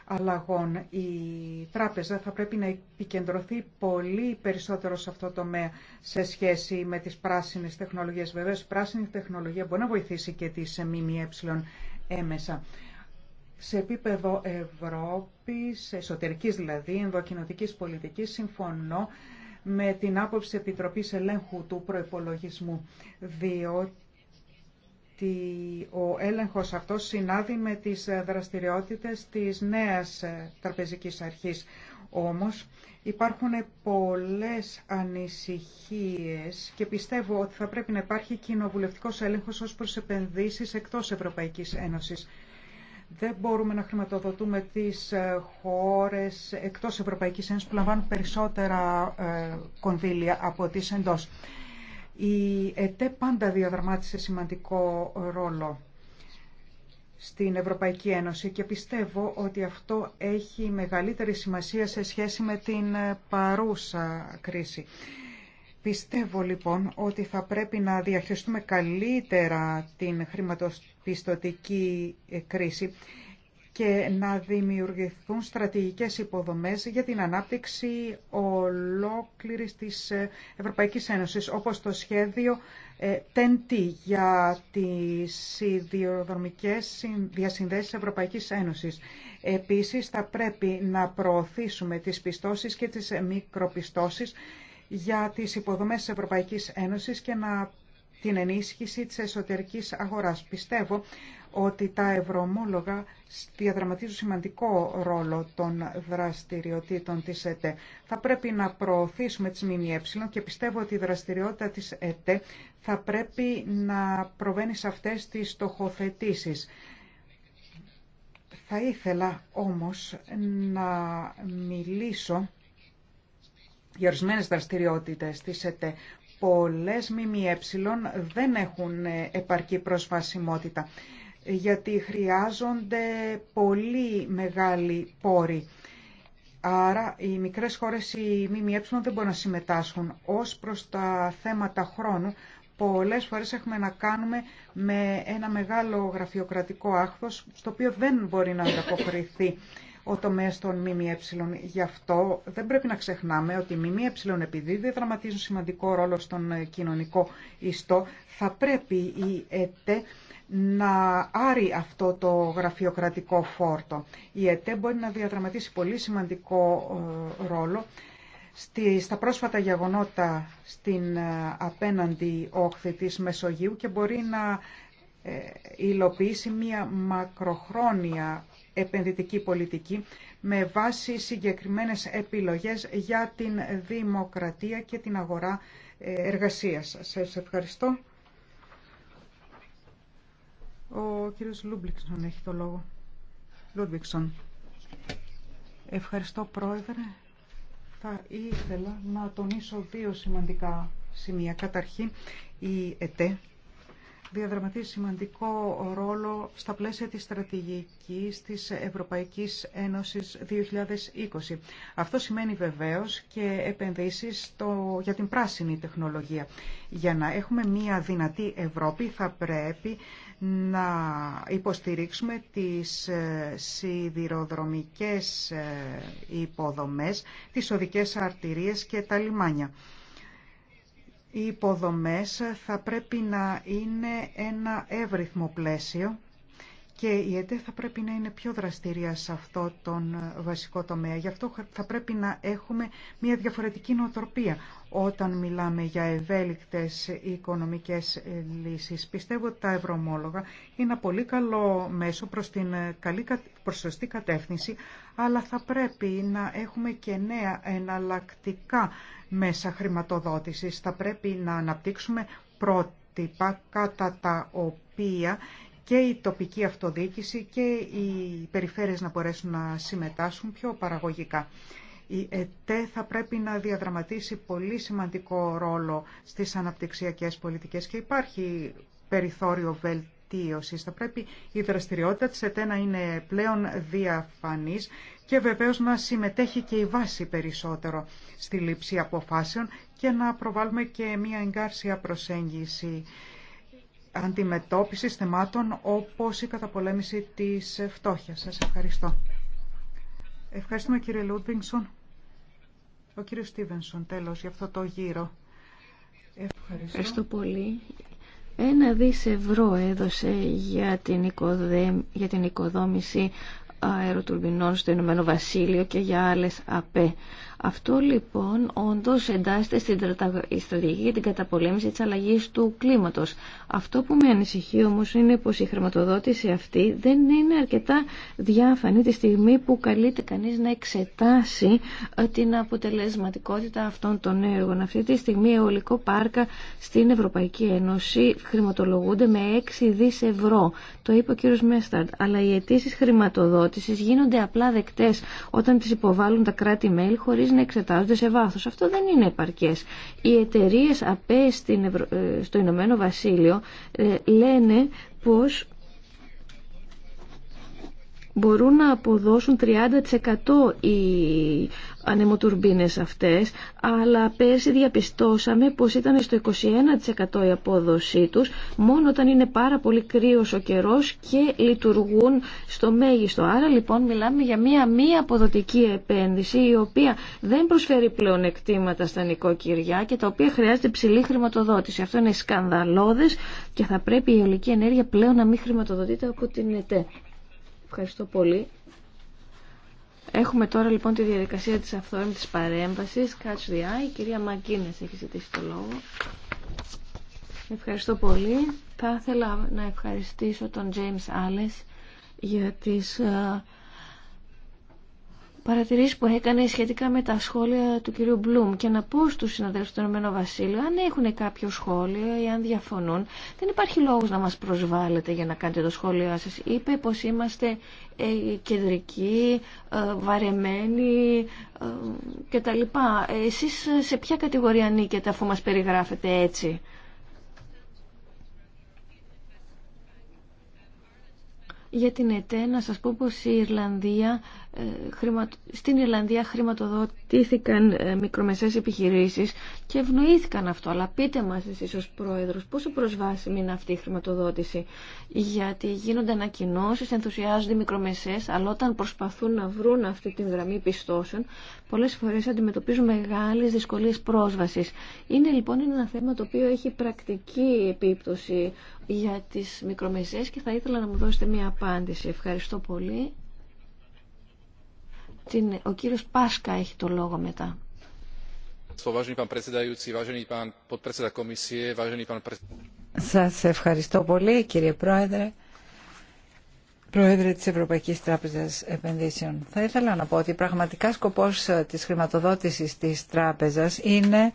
αλλαγών. Η τράπεζα θα πρέπει να επικεντρωθεί πολύ περισσότερο σε αυτό το τομέα σε σχέση με τις πράσινες τεχνολογίες. Βεβαίω, η πράσινη τεχνολογία μπορεί να βοηθήσει και τις ΜΜΕ έμεσα. Σε επίπεδο Ευρώπης, εσωτερικής δηλαδή, ενδοκινοτικής πολιτικής, συμφωνώ με την άποψη Επιτροπής Ελέγχου του Προϋπολογισμού, διότι ο έλεγχος αυτός συνάδει με τις δραστηριότητες της νέας τραπεζικής αρχής. Όμως υπάρχουν πολλές ανησυχίες και πιστεύω ότι θα πρέπει να υπάρχει κοινοβουλευτικός έλεγχος ως προς επενδύσεις εκτός Ευρωπαϊκής Ένωσης. Δεν μπορούμε να χρηματοδοτούμε τις ε, χώρες εκτός Ευρωπαϊκής Ένωσης που λαμβάνουν περισσότερα ε, κονδύλια από τις εντός. Η ΕΤΕ πάντα διαδραμάτισε σημαντικό ρόλο στην Ευρωπαϊκή Ένωση και πιστεύω ότι αυτό έχει μεγαλύτερη σημασία σε σχέση με την ε, παρούσα κρίση. Πιστεύω λοιπόν ότι θα πρέπει να διαχειριστούμε καλύτερα την πιστοτική ε, κρίση και να δημιουργηθούν στρατηγικές υποδομές για την ανάπτυξη ολόκληρης της ε, Ευρωπαϊκής Ένωσης, όπως το σχέδιο TEN-T ε, για τις ιδιοδρομικές διασυνδέσεις Ευρωπαϊκής Ένωσης. Επίσης, θα πρέπει να προωθήσουμε τις πιστώσεις και τις μικροπιστώσεις για τις υποδομές της Ευρωπαϊκής Ένωσης και να την ενίσχυση της εσωτερικής αγοράς. Πιστεύω ότι τα ευρωομόλογα διαδραματίζουν σημαντικό ρόλο των δραστηριοτήτων της ΕΤΕ. Θα πρέπει να προωθήσουμε τις ΜΜΕ και πιστεύω ότι η δραστηριότητα της ΕΤΕ θα πρέπει να προβαίνει σε αυτές τις στοχοθετήσεις. Θα ήθελα όμως να μιλήσω για ορισμένε δραστηριότητες της ΕΤΕ πολλές ΜΜΕ δεν έχουν επαρκή προσβασιμότητα γιατί χρειάζονται πολύ μεγάλοι πόροι. Άρα οι μικρές χώρες, οι ΜΜΕ δεν μπορούν να συμμετάσχουν. Ως προς τα θέματα χρόνου, πολλές φορές έχουμε να κάνουμε με ένα μεγάλο γραφειοκρατικό άχθος, στο οποίο δεν μπορεί να ανταποκριθεί ο τομέας των ΜΜΕ. Γι' αυτό δεν πρέπει να ξεχνάμε ότι οι ΜΜΕ επειδή δεν σημαντικό ρόλο στον κοινωνικό ιστό, θα πρέπει η ΕΤΕ να άρει αυτό το γραφειοκρατικό φόρτο. Η ΕΤΕ μπορεί να διαδραματίσει πολύ σημαντικό ε, ρόλο στα πρόσφατα γεγονότα στην ε, απέναντι όχθη της Μεσογείου και μπορεί να ε, υλοποιήσει μία μακροχρόνια επενδυτική πολιτική με βάση συγκεκριμένες επιλογές για την δημοκρατία και την αγορά ε, εργασίας. Σας ευχαριστώ. Ο κύριος Λούμπλιξον έχει το λόγο. Λούμπλιξον. Ευχαριστώ πρόεδρε. Θα ήθελα να τονίσω δύο σημαντικά σημεία. Καταρχήν η ΕΤΕ διαδραματίζει σημαντικό ρόλο στα πλαίσια της στρατηγικής της Ευρωπαϊκής Ένωσης 2020. Αυτό σημαίνει βεβαίως και επενδύσεις για την πράσινη τεχνολογία. Για να έχουμε μια δυνατή Ευρώπη θα πρέπει να υποστηρίξουμε τις ε, σιδηροδρομικές ε, υποδομές, τις οδικές αρτηρίες και τα λιμάνια. Οι υποδομές θα πρέπει να είναι ένα εύρυθμο πλαίσιο και η ΕΤΕ θα πρέπει να είναι πιο δραστηρία σε αυτό τον βασικό τομέα. Γι' αυτό θα πρέπει να έχουμε μια διαφορετική νοοτροπία όταν μιλάμε για ευέλικτες οικονομικές λύσεις. Πιστεύω ότι τα ευρωμόλογα είναι ένα πολύ καλό μέσο προς την καλή, προς σωστή κατεύθυνση, αλλά θα πρέπει να έχουμε και νέα εναλλακτικά μέσα χρηματοδότησης. Θα πρέπει να αναπτύξουμε πρότυπα κατά τα οποία και η τοπική αυτοδιοίκηση και οι περιφέρειες να μπορέσουν να συμμετάσχουν πιο παραγωγικά. Η ΕΤΕ θα πρέπει να διαδραματίσει πολύ σημαντικό ρόλο στις αναπτυξιακές πολιτικές και υπάρχει περιθώριο βελτίωσης. Θα πρέπει η δραστηριότητα της ΕΤΕ να είναι πλέον διαφανής και βεβαίως να συμμετέχει και η βάση περισσότερο στη λήψη αποφάσεων και να προβάλλουμε και μια εγκάρσια προσέγγιση αντιμετώπιση θεμάτων όπως η καταπολέμηση της φτώχειας. Σας ευχαριστώ. Ευχαριστούμε κύριε Λούντινγκσον. Ο κύριος Στίβενσον, τέλος, για αυτό το γύρο. Ευχαριστώ, Ευχαριστώ πολύ. Ένα δις ευρώ έδωσε για την, οικοδόμηση αεροτουρμπινών στο Ηνωμένο Βασίλειο και για άλλες ΑΠΕ. Αυτό λοιπόν όντως εντάσσεται στην στρατηγική για την καταπολέμηση της αλλαγής του κλίματος. Αυτό που με ανησυχεί όμως είναι πως η χρηματοδότηση αυτή δεν είναι αρκετά διάφανη τη στιγμή που καλείται κανείς να εξετάσει ε, την αποτελεσματικότητα αυτών των έργων. Αυτή τη στιγμή ολικό πάρκα στην Ευρωπαϊκή Ένωση χρηματολογούνται με 6 δις ευρώ. Το είπε ο κύριος Μέσταρντ. Αλλά οι αιτήσει χρηματοδότηση γίνονται απλά δεκτές όταν τις υποβάλλουν τα κράτη-μέλη χωρίς να εξετάζονται σε βάθος. Αυτό δεν είναι επαρκές. Οι εταιρείε ΑΠΕ ε, στο Ηνωμένο Βασίλειο ε, λένε πως μπορούν να αποδώσουν 30% οι ανεμοτουρμπίνες αυτές, αλλά πέρσι διαπιστώσαμε πως ήταν στο 21% η απόδοσή τους, μόνο όταν είναι πάρα πολύ κρύος ο καιρός και λειτουργούν στο μέγιστο. Άρα λοιπόν μιλάμε για μία μη αποδοτική επένδυση, η οποία δεν προσφέρει πλέον εκτήματα στα νοικοκυριά και τα οποία χρειάζεται ψηλή χρηματοδότηση. Αυτό είναι σκανδαλώδες και θα πρέπει η ολική ενέργεια πλέον να μην χρηματοδοτείται από την ΕΤΕ. Ευχαριστώ πολύ. Έχουμε τώρα λοιπόν τη διαδικασία της αυθόρμητης παρέμβασης. Catch the eye. Η κυρία Μακίνες έχει ζητήσει το λόγο. Ευχαριστώ πολύ. Θα ήθελα να ευχαριστήσω τον James Alice για τις ε, παρατηρήσεις που έκανε σχετικά με τα σχόλια του κυρίου Μπλουμ και να πω στους συναδέλφους του Ηνωμένου Βασίλειου αν έχουν κάποιο σχόλιο ή αν διαφωνούν δεν υπάρχει λόγος να μας προσβάλλετε για να κάνετε το σχόλιο σας είπε πως είμαστε ε, κεντρικοί, ε, βαρεμένοι ε, κτλ. Εσείς σε ποια κατηγορία νίκετε αφού μας περιγράφετε έτσι. Για την ΕΤΕ να σας πω πως η Ιρλανδία ε, στην Ιρλανδία χρηματοδοτήθηκαν ε, μικρομεσαίες επιχειρήσεις και ευνοήθηκαν αυτό. Αλλά πείτε μας εσείς ως πρόεδρος πόσο προσβάσιμη είναι αυτή η χρηματοδότηση. Γιατί γίνονται ανακοινώσει, ενθουσιάζονται οι μικρομεσαίες, αλλά όταν προσπαθούν να βρουν αυτή την γραμμή πιστώσεων, πολλές φορές αντιμετωπίζουν μεγάλες δυσκολίες πρόσβασης. Είναι λοιπόν ένα θέμα το οποίο έχει πρακτική επίπτωση για τις μικρομεσαίες και θα ήθελα να μου δώσετε μια απάντηση. Ευχαριστώ πολύ ο κύριος Πάσκα έχει το λόγο μετά. Σας ευχαριστώ πολύ κύριε Πρόεδρε. Πρόεδρε της Ευρωπαϊκής Τράπεζας Επενδύσεων. Θα ήθελα να πω ότι πραγματικά σκοπός ε, της χρηματοδότησης της τράπεζας είναι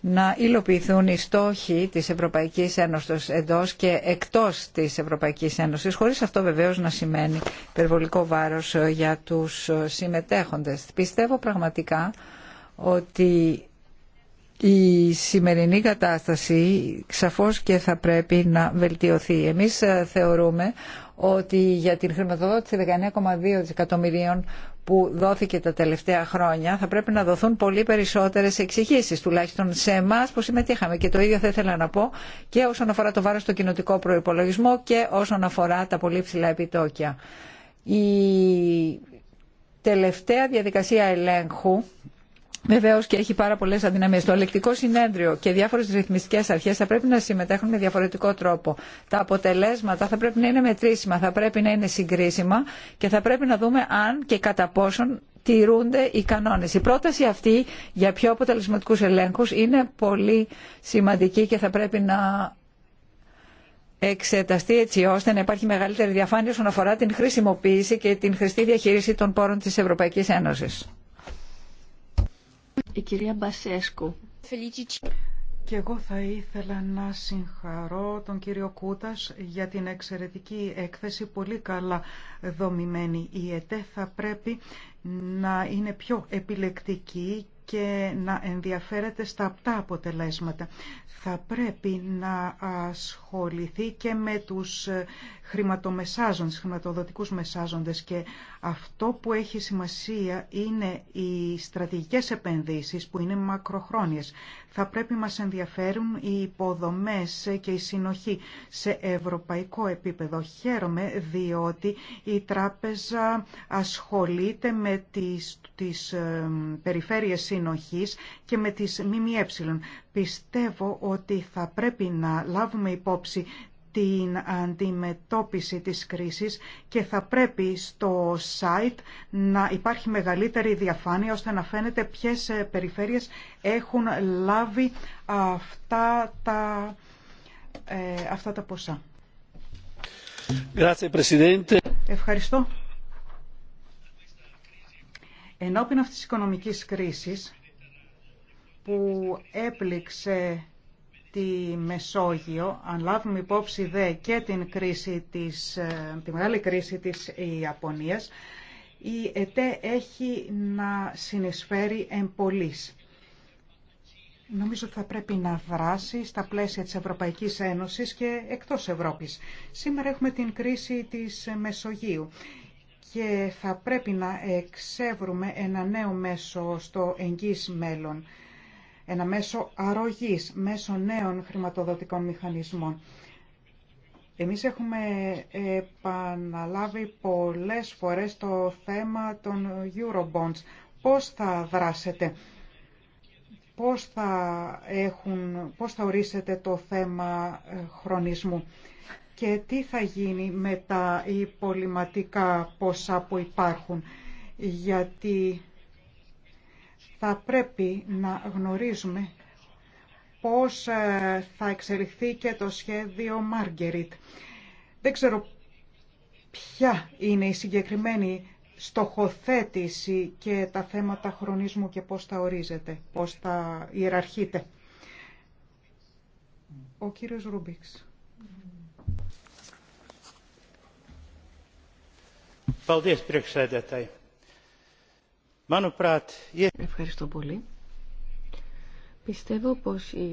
να υλοποιηθούν οι στόχοι της Ευρωπαϊκής Ένωσης εντός και εκτός της Ευρωπαϊκής Ένωσης, χωρίς αυτό βεβαίως να σημαίνει υπερβολικό βάρος για τους συμμετέχοντες. Πιστεύω πραγματικά ότι η σημερινή κατάσταση σαφώς και θα πρέπει να βελτιωθεί. Εμείς ε, θεωρούμε ότι για την χρηματοδότηση 19,2 δισεκατομμυρίων που δόθηκε τα τελευταία χρόνια θα πρέπει να δοθούν πολύ περισσότερες εξηγήσεις τουλάχιστον σε εμά που συμμετείχαμε και το ίδιο θα ήθελα να πω και όσον αφορά το βάρος στο κοινοτικό προϋπολογισμό και όσον αφορά τα πολύ ψηλά επιτόκια. Η τελευταία διαδικασία ελέγχου Βεβαίω και έχει πάρα πολλέ αδυναμίε. Το ελεκτικό συνέδριο και διάφορε ρυθμιστικέ αρχέ θα πρέπει να συμμετέχουν με διαφορετικό τρόπο. Τα αποτελέσματα θα πρέπει να είναι μετρήσιμα, θα πρέπει να είναι συγκρίσιμα και θα πρέπει να δούμε αν και κατά πόσον τηρούνται οι κανόνες. Η πρόταση αυτή για πιο αποτελεσματικούς ελέγχους είναι πολύ σημαντική και θα πρέπει να εξεταστεί έτσι ώστε να υπάρχει μεγαλύτερη διαφάνεια όσον αφορά την χρησιμοποίηση και την χρηστή διαχείριση των πόρων τη Ευρωπαϊκής Ένωσης. Η κυρία Μπασέσκου. Και εγώ θα ήθελα να συγχαρώ τον κύριο Κούτας για την εξαιρετική έκθεση, πολύ καλά δομημένη. Η ΕΤΕ θα πρέπει να είναι πιο επιλεκτική και να ενδιαφέρεται στα απτά αποτελέσματα. Θα πρέπει να ασχοληθεί και με τους χρηματομεσάζοντες, χρηματοδοτικούς μεσάζοντες και αυτό που έχει σημασία είναι οι στρατηγικές επενδύσεις που είναι μακροχρόνιες. Θα πρέπει μας ενδιαφέρουν οι υποδομές και η συνοχή σε ευρωπαϊκό επίπεδο. Χαίρομαι διότι η τράπεζα ασχολείται με τις, τις ε, περιφέρειες συνοχής και με τις ΜΜΕ. Πιστεύω ότι θα πρέπει να λάβουμε υπόψη την αντιμετώπιση της κρίσης και θα πρέπει στο site να υπάρχει μεγαλύτερη διαφάνεια ώστε να φαίνεται ποιες ε, περιφέρειες έχουν λάβει αυτά τα, ε, αυτά τα ποσά. Ευχαριστώ. Ενώπιν αυτής της οικονομικής κρίσης που έπληξε τη Μεσόγειο, αν λάβουμε υπόψη δε και την κρίση της, ε, τη μεγάλη κρίση της Ιαπωνίας, η ΕΤΕ έχει να συνεισφέρει εμπολής. Νομίζω ότι θα πρέπει να δράσει στα πλαίσια της Ευρωπαϊκής Ένωσης και εκτός Ευρώπης. Σήμερα έχουμε την κρίση της Μεσογείου και θα πρέπει να εξεύρουμε ένα νέο μέσο στο εγγύς μέλλον ένα μέσο αρρωγής, μέσω νέων χρηματοδοτικών μηχανισμών. Εμείς έχουμε επαναλάβει πολλές φορές το θέμα των Eurobonds. Πώς θα δράσετε, πώς θα, έχουν, πώς θα ορίσετε το θέμα χρονισμού και τι θα γίνει με τα υπολοιματικά ποσά που υπάρχουν. Γιατί θα πρέπει να γνωρίζουμε πώς ε, θα εξελιχθεί και το σχέδιο Μάργκεριτ. Δεν ξέρω ποια είναι η συγκεκριμένη στοχοθέτηση και τα θέματα χρονισμού και πώς τα ορίζετε, πώς τα ιεραρχείτε. Ο κύριος Ρουμπίξ. κύριε Ευχαριστώ πολύ. Πιστεύω πως η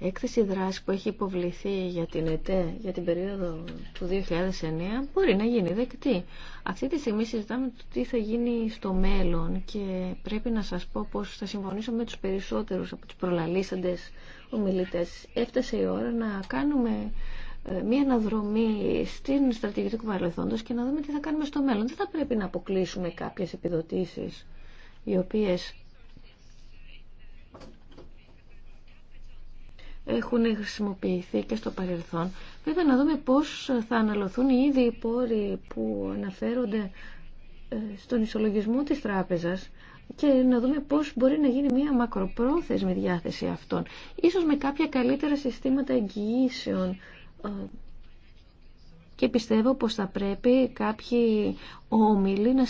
έκθεση δράση που έχει υποβληθεί για την ΕΤΕ για την περίοδο του 2009 μπορεί να γίνει δεκτή. Αυτή τη στιγμή συζητάμε το τι θα γίνει στο μέλλον και πρέπει να σας πω πως θα συμφωνήσω με τους περισσότερους από τους προλαλήσαντες ομιλητές. Έφτασε η ώρα να κάνουμε ε, μια αναδρομή στην στρατηγική του παρελθόντος και να δούμε τι θα κάνουμε στο μέλλον. Δεν θα πρέπει να αποκλείσουμε κάποιες επιδοτήσεις οι οποίες έχουν χρησιμοποιηθεί και στο παρελθόν. Βέβαια να δούμε πώς θα αναλωθούν οι ίδιοι πόροι που αναφέρονται ε, στον ισολογισμό της τράπεζας και να δούμε πώς μπορεί να γίνει μια μακροπρόθεσμη διάθεση αυτών. Ίσως με κάποια καλύτερα συστήματα εγγυήσεων ε, και πιστεύω πως θα πρέπει κάποιοι όμιλοι να,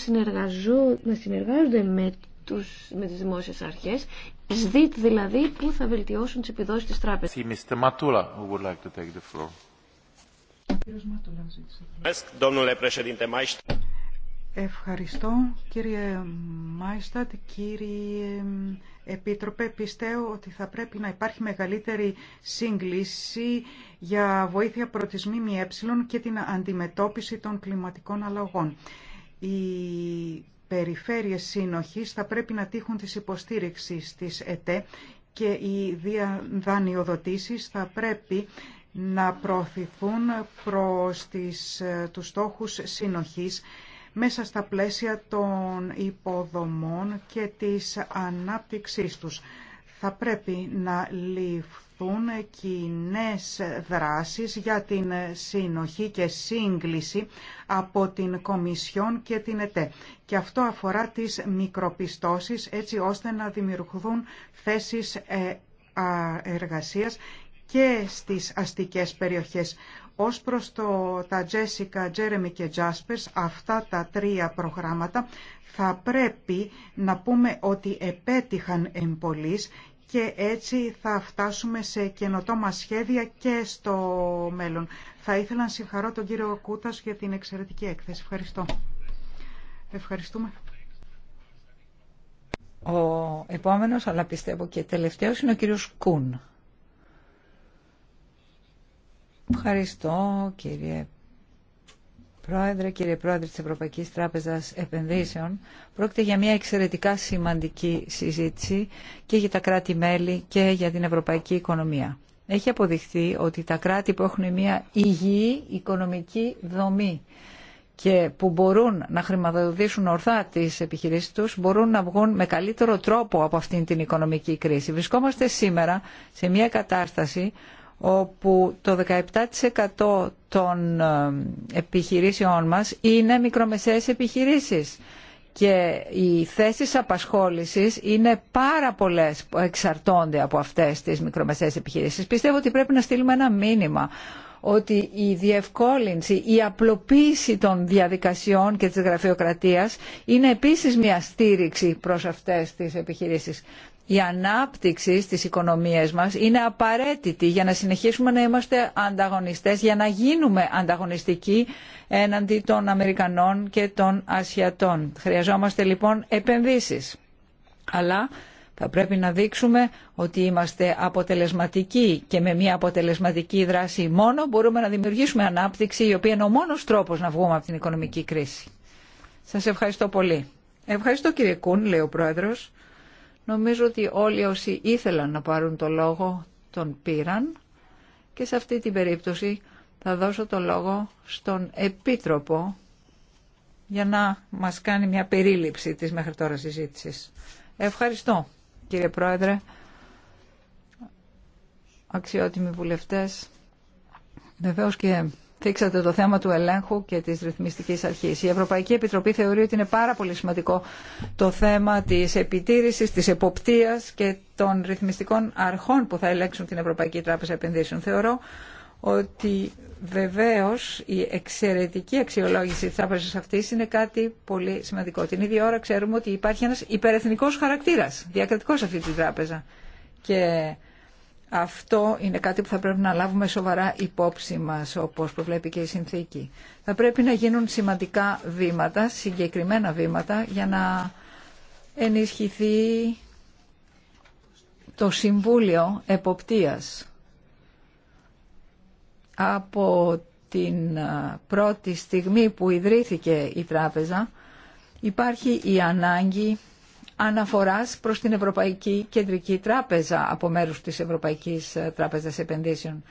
να συνεργάζονται με, τους, με τις δημόσιες αρχές, ΣΔΙΤ δηλαδή, που θα βελτιώσουν τις επιδόσεις της τράπεζας. Η κυρία Ματούλα would like to take the floor. Ο κύριος Ματούλα ζήτησε. Ευχαριστώ, κύριε Πρεσέντη. Ευχαριστώ κύριε Μάιστατ, κύριε Επίτροπε. Πιστεύω ότι θα πρέπει να υπάρχει μεγαλύτερη σύγκληση για βοήθεια προς ΜΜΕ και την αντιμετώπιση των κλιματικών αλλαγών. Οι περιφέρειες σύνοχης θα πρέπει να τύχουν τις υποστήριξης της ΕΤΕ και οι δανειοδοτήσεις θα πρέπει να προωθηθούν προς τις, τους στόχους συνοχής μέσα στα πλαίσια των υποδομών και της ανάπτυξής τους. Θα πρέπει να ληφθούν κοινέ δράσεις για την συνοχή και σύγκληση από την Κομισιόν και την ΕΤΕ. Και αυτό αφορά τις μικροπιστώσεις έτσι ώστε να δημιουργηθούν θέσεις ε, εργασίας και στις αστικές περιοχές. Ως προς το, τα Jessica, Jeremy και Jaspers, αυτά τα τρία προγράμματα θα πρέπει να πούμε ότι επέτυχαν εμπολής και έτσι θα φτάσουμε σε καινοτόμα σχέδια και στο μέλλον. Θα ήθελα να συγχαρώ τον κύριο Κούτας για την εξαιρετική έκθεση. Ευχαριστώ. Ευχαριστούμε. Ο επόμενος, αλλά πιστεύω και τελευταίος, είναι ο κύριος Κούν. Ευχαριστώ κύριε Πρόεδρε, κύριε Πρόεδρε της Ευρωπαϊκής Τράπεζας Επενδύσεων. Πρόκειται για μια εξαιρετικά σημαντική συζήτηση και για τα κράτη-μέλη και για την ευρωπαϊκή οικονομία. Έχει αποδειχθεί ότι τα κράτη που έχουν μια υγιή οικονομική δομή και που μπορούν να χρηματοδοτήσουν ορθά τις επιχειρήσεις τους μπορούν να βγουν με καλύτερο τρόπο από αυτήν την οικονομική κρίση. Βρισκόμαστε σήμερα σε μια κατάσταση όπου το 17% των ε, επιχειρήσεών μας είναι μικρομεσαίες επιχειρήσεις και οι θέσεις απασχόλησης είναι πάρα πολλές που εξαρτώνται από αυτές τις μικρομεσαίες επιχειρήσεις. Πιστεύω ότι πρέπει να στείλουμε ένα μήνυμα ότι η διευκόλυνση, η απλοποίηση των διαδικασιών και της γραφειοκρατίας είναι επίσης μια στήριξη προς αυτές τις επιχειρήσεις η ανάπτυξη στις οικονομίες μας είναι απαραίτητη για να συνεχίσουμε να είμαστε ανταγωνιστές, για να γίνουμε ανταγωνιστικοί έναντι των Αμερικανών και των Ασιατών. Χρειαζόμαστε λοιπόν επενδύσεις. Αλλά θα πρέπει να δείξουμε ότι είμαστε αποτελεσματικοί και με μια αποτελεσματική δράση μόνο μπορούμε να δημιουργήσουμε ανάπτυξη η οποία είναι ο μόνος τρόπος να βγούμε από την οικονομική κρίση. Σας ευχαριστώ πολύ. Ευχαριστώ κύριε Κούν, λέει ο Πρόεδρος. Νομίζω ότι όλοι όσοι ήθελαν να πάρουν το λόγο τον πήραν και σε αυτή την περίπτωση θα δώσω το λόγο στον Επίτροπο για να μας κάνει μια περίληψη της μέχρι τώρα συζήτησης. Ευχαριστώ κύριε Πρόεδρε, αξιότιμοι βουλευτές. Βεβαίως και θίξατε το θέμα του ελέγχου και της ρυθμιστικής αρχής. Η Ευρωπαϊκή Επιτροπή θεωρεί ότι είναι πάρα πολύ σημαντικό το θέμα της επιτήρησης, της εποπτείας και των ρυθμιστικών αρχών που θα ελέγξουν την Ευρωπαϊκή Τράπεζα Επενδύσεων. Θεωρώ ότι βεβαίως η εξαιρετική αξιολόγηση της τράπεζας αυτής είναι κάτι πολύ σημαντικό. Την ίδια ώρα ξέρουμε ότι υπάρχει ένας υπερεθνικός χαρακτήρας, διακρατικός αυτή τη τράπεζα. Και αυτό είναι κάτι που θα πρέπει να λάβουμε σοβαρά υπόψη μας, όπως προβλέπει και η συνθήκη. Θα πρέπει να γίνουν σημαντικά βήματα, συγκεκριμένα βήματα, για να ενισχυθεί το Συμβούλιο Εποπτείας. Από την πρώτη στιγμή που ιδρύθηκε η τράπεζα υπάρχει η ανάγκη αναφοράς προς την Ευρωπαϊκή Κεντρική Τράπεζα από μέρους της Ευρωπαϊκής Τράπεζας Επενδύσεων.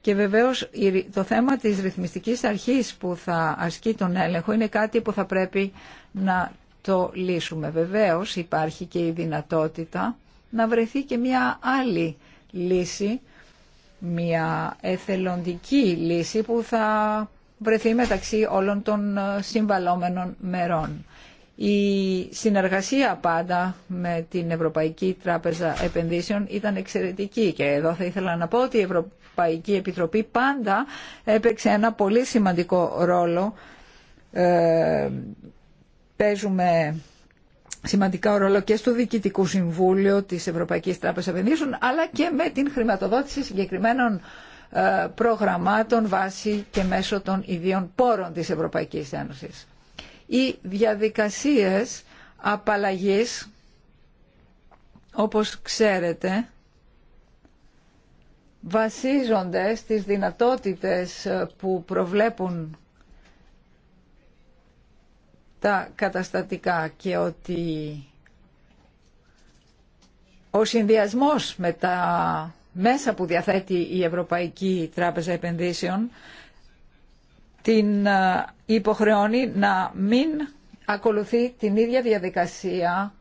Και βεβαίως το θέμα της ρυθμιστικής αρχής που θα ασκεί τον έλεγχο είναι κάτι που θα πρέπει να το λύσουμε. Βεβαίως υπάρχει και η δυνατότητα να βρεθεί και μια άλλη λύση, μια εθελοντική λύση που θα βρεθεί μεταξύ όλων των ε, συμβαλόμενων μερών. Η συνεργασία πάντα με την Ευρωπαϊκή Τράπεζα Επενδύσεων ήταν εξαιρετική και εδώ θα ήθελα να πω ότι η Ευρωπαϊκή Επιτροπή πάντα έπαιξε ένα πολύ σημαντικό ρόλο. Ε, παίζουμε σημαντικά ρόλο και στο Διοικητικό Συμβούλιο της Ευρωπαϊκής Τράπεζας Επενδύσεων αλλά και με την χρηματοδότηση συγκεκριμένων ε, προγραμμάτων βάσει και μέσω των ιδίων πόρων της Ευρωπαϊκής Ένωσης οι διαδικασίες απαλλαγής, όπως ξέρετε, βασίζονται στις δυνατότητες που προβλέπουν τα καταστατικά και ότι ο συνδυασμός με τα μέσα που διαθέτει η Ευρωπαϊκή Τράπεζα Επενδύσεων την ε, υποχρεώνει να μην ακολουθεί την ίδια διαδικασία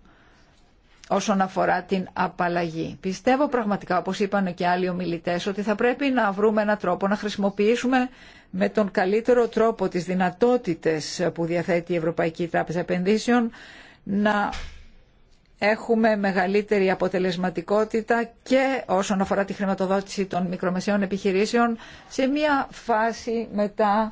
όσον αφορά την απαλλαγή. Πιστεύω πραγματικά, όπως είπαν και άλλοι ομιλητές, ότι θα πρέπει να βρούμε έναν τρόπο να χρησιμοποιήσουμε με τον καλύτερο τρόπο τις δυνατότητες που διαθέτει η Ευρωπαϊκή Τράπεζα Επενδύσεων να έχουμε μεγαλύτερη αποτελεσματικότητα και όσον αφορά τη χρηματοδότηση των μικρομεσαίων επιχειρήσεων σε μια φάση μετά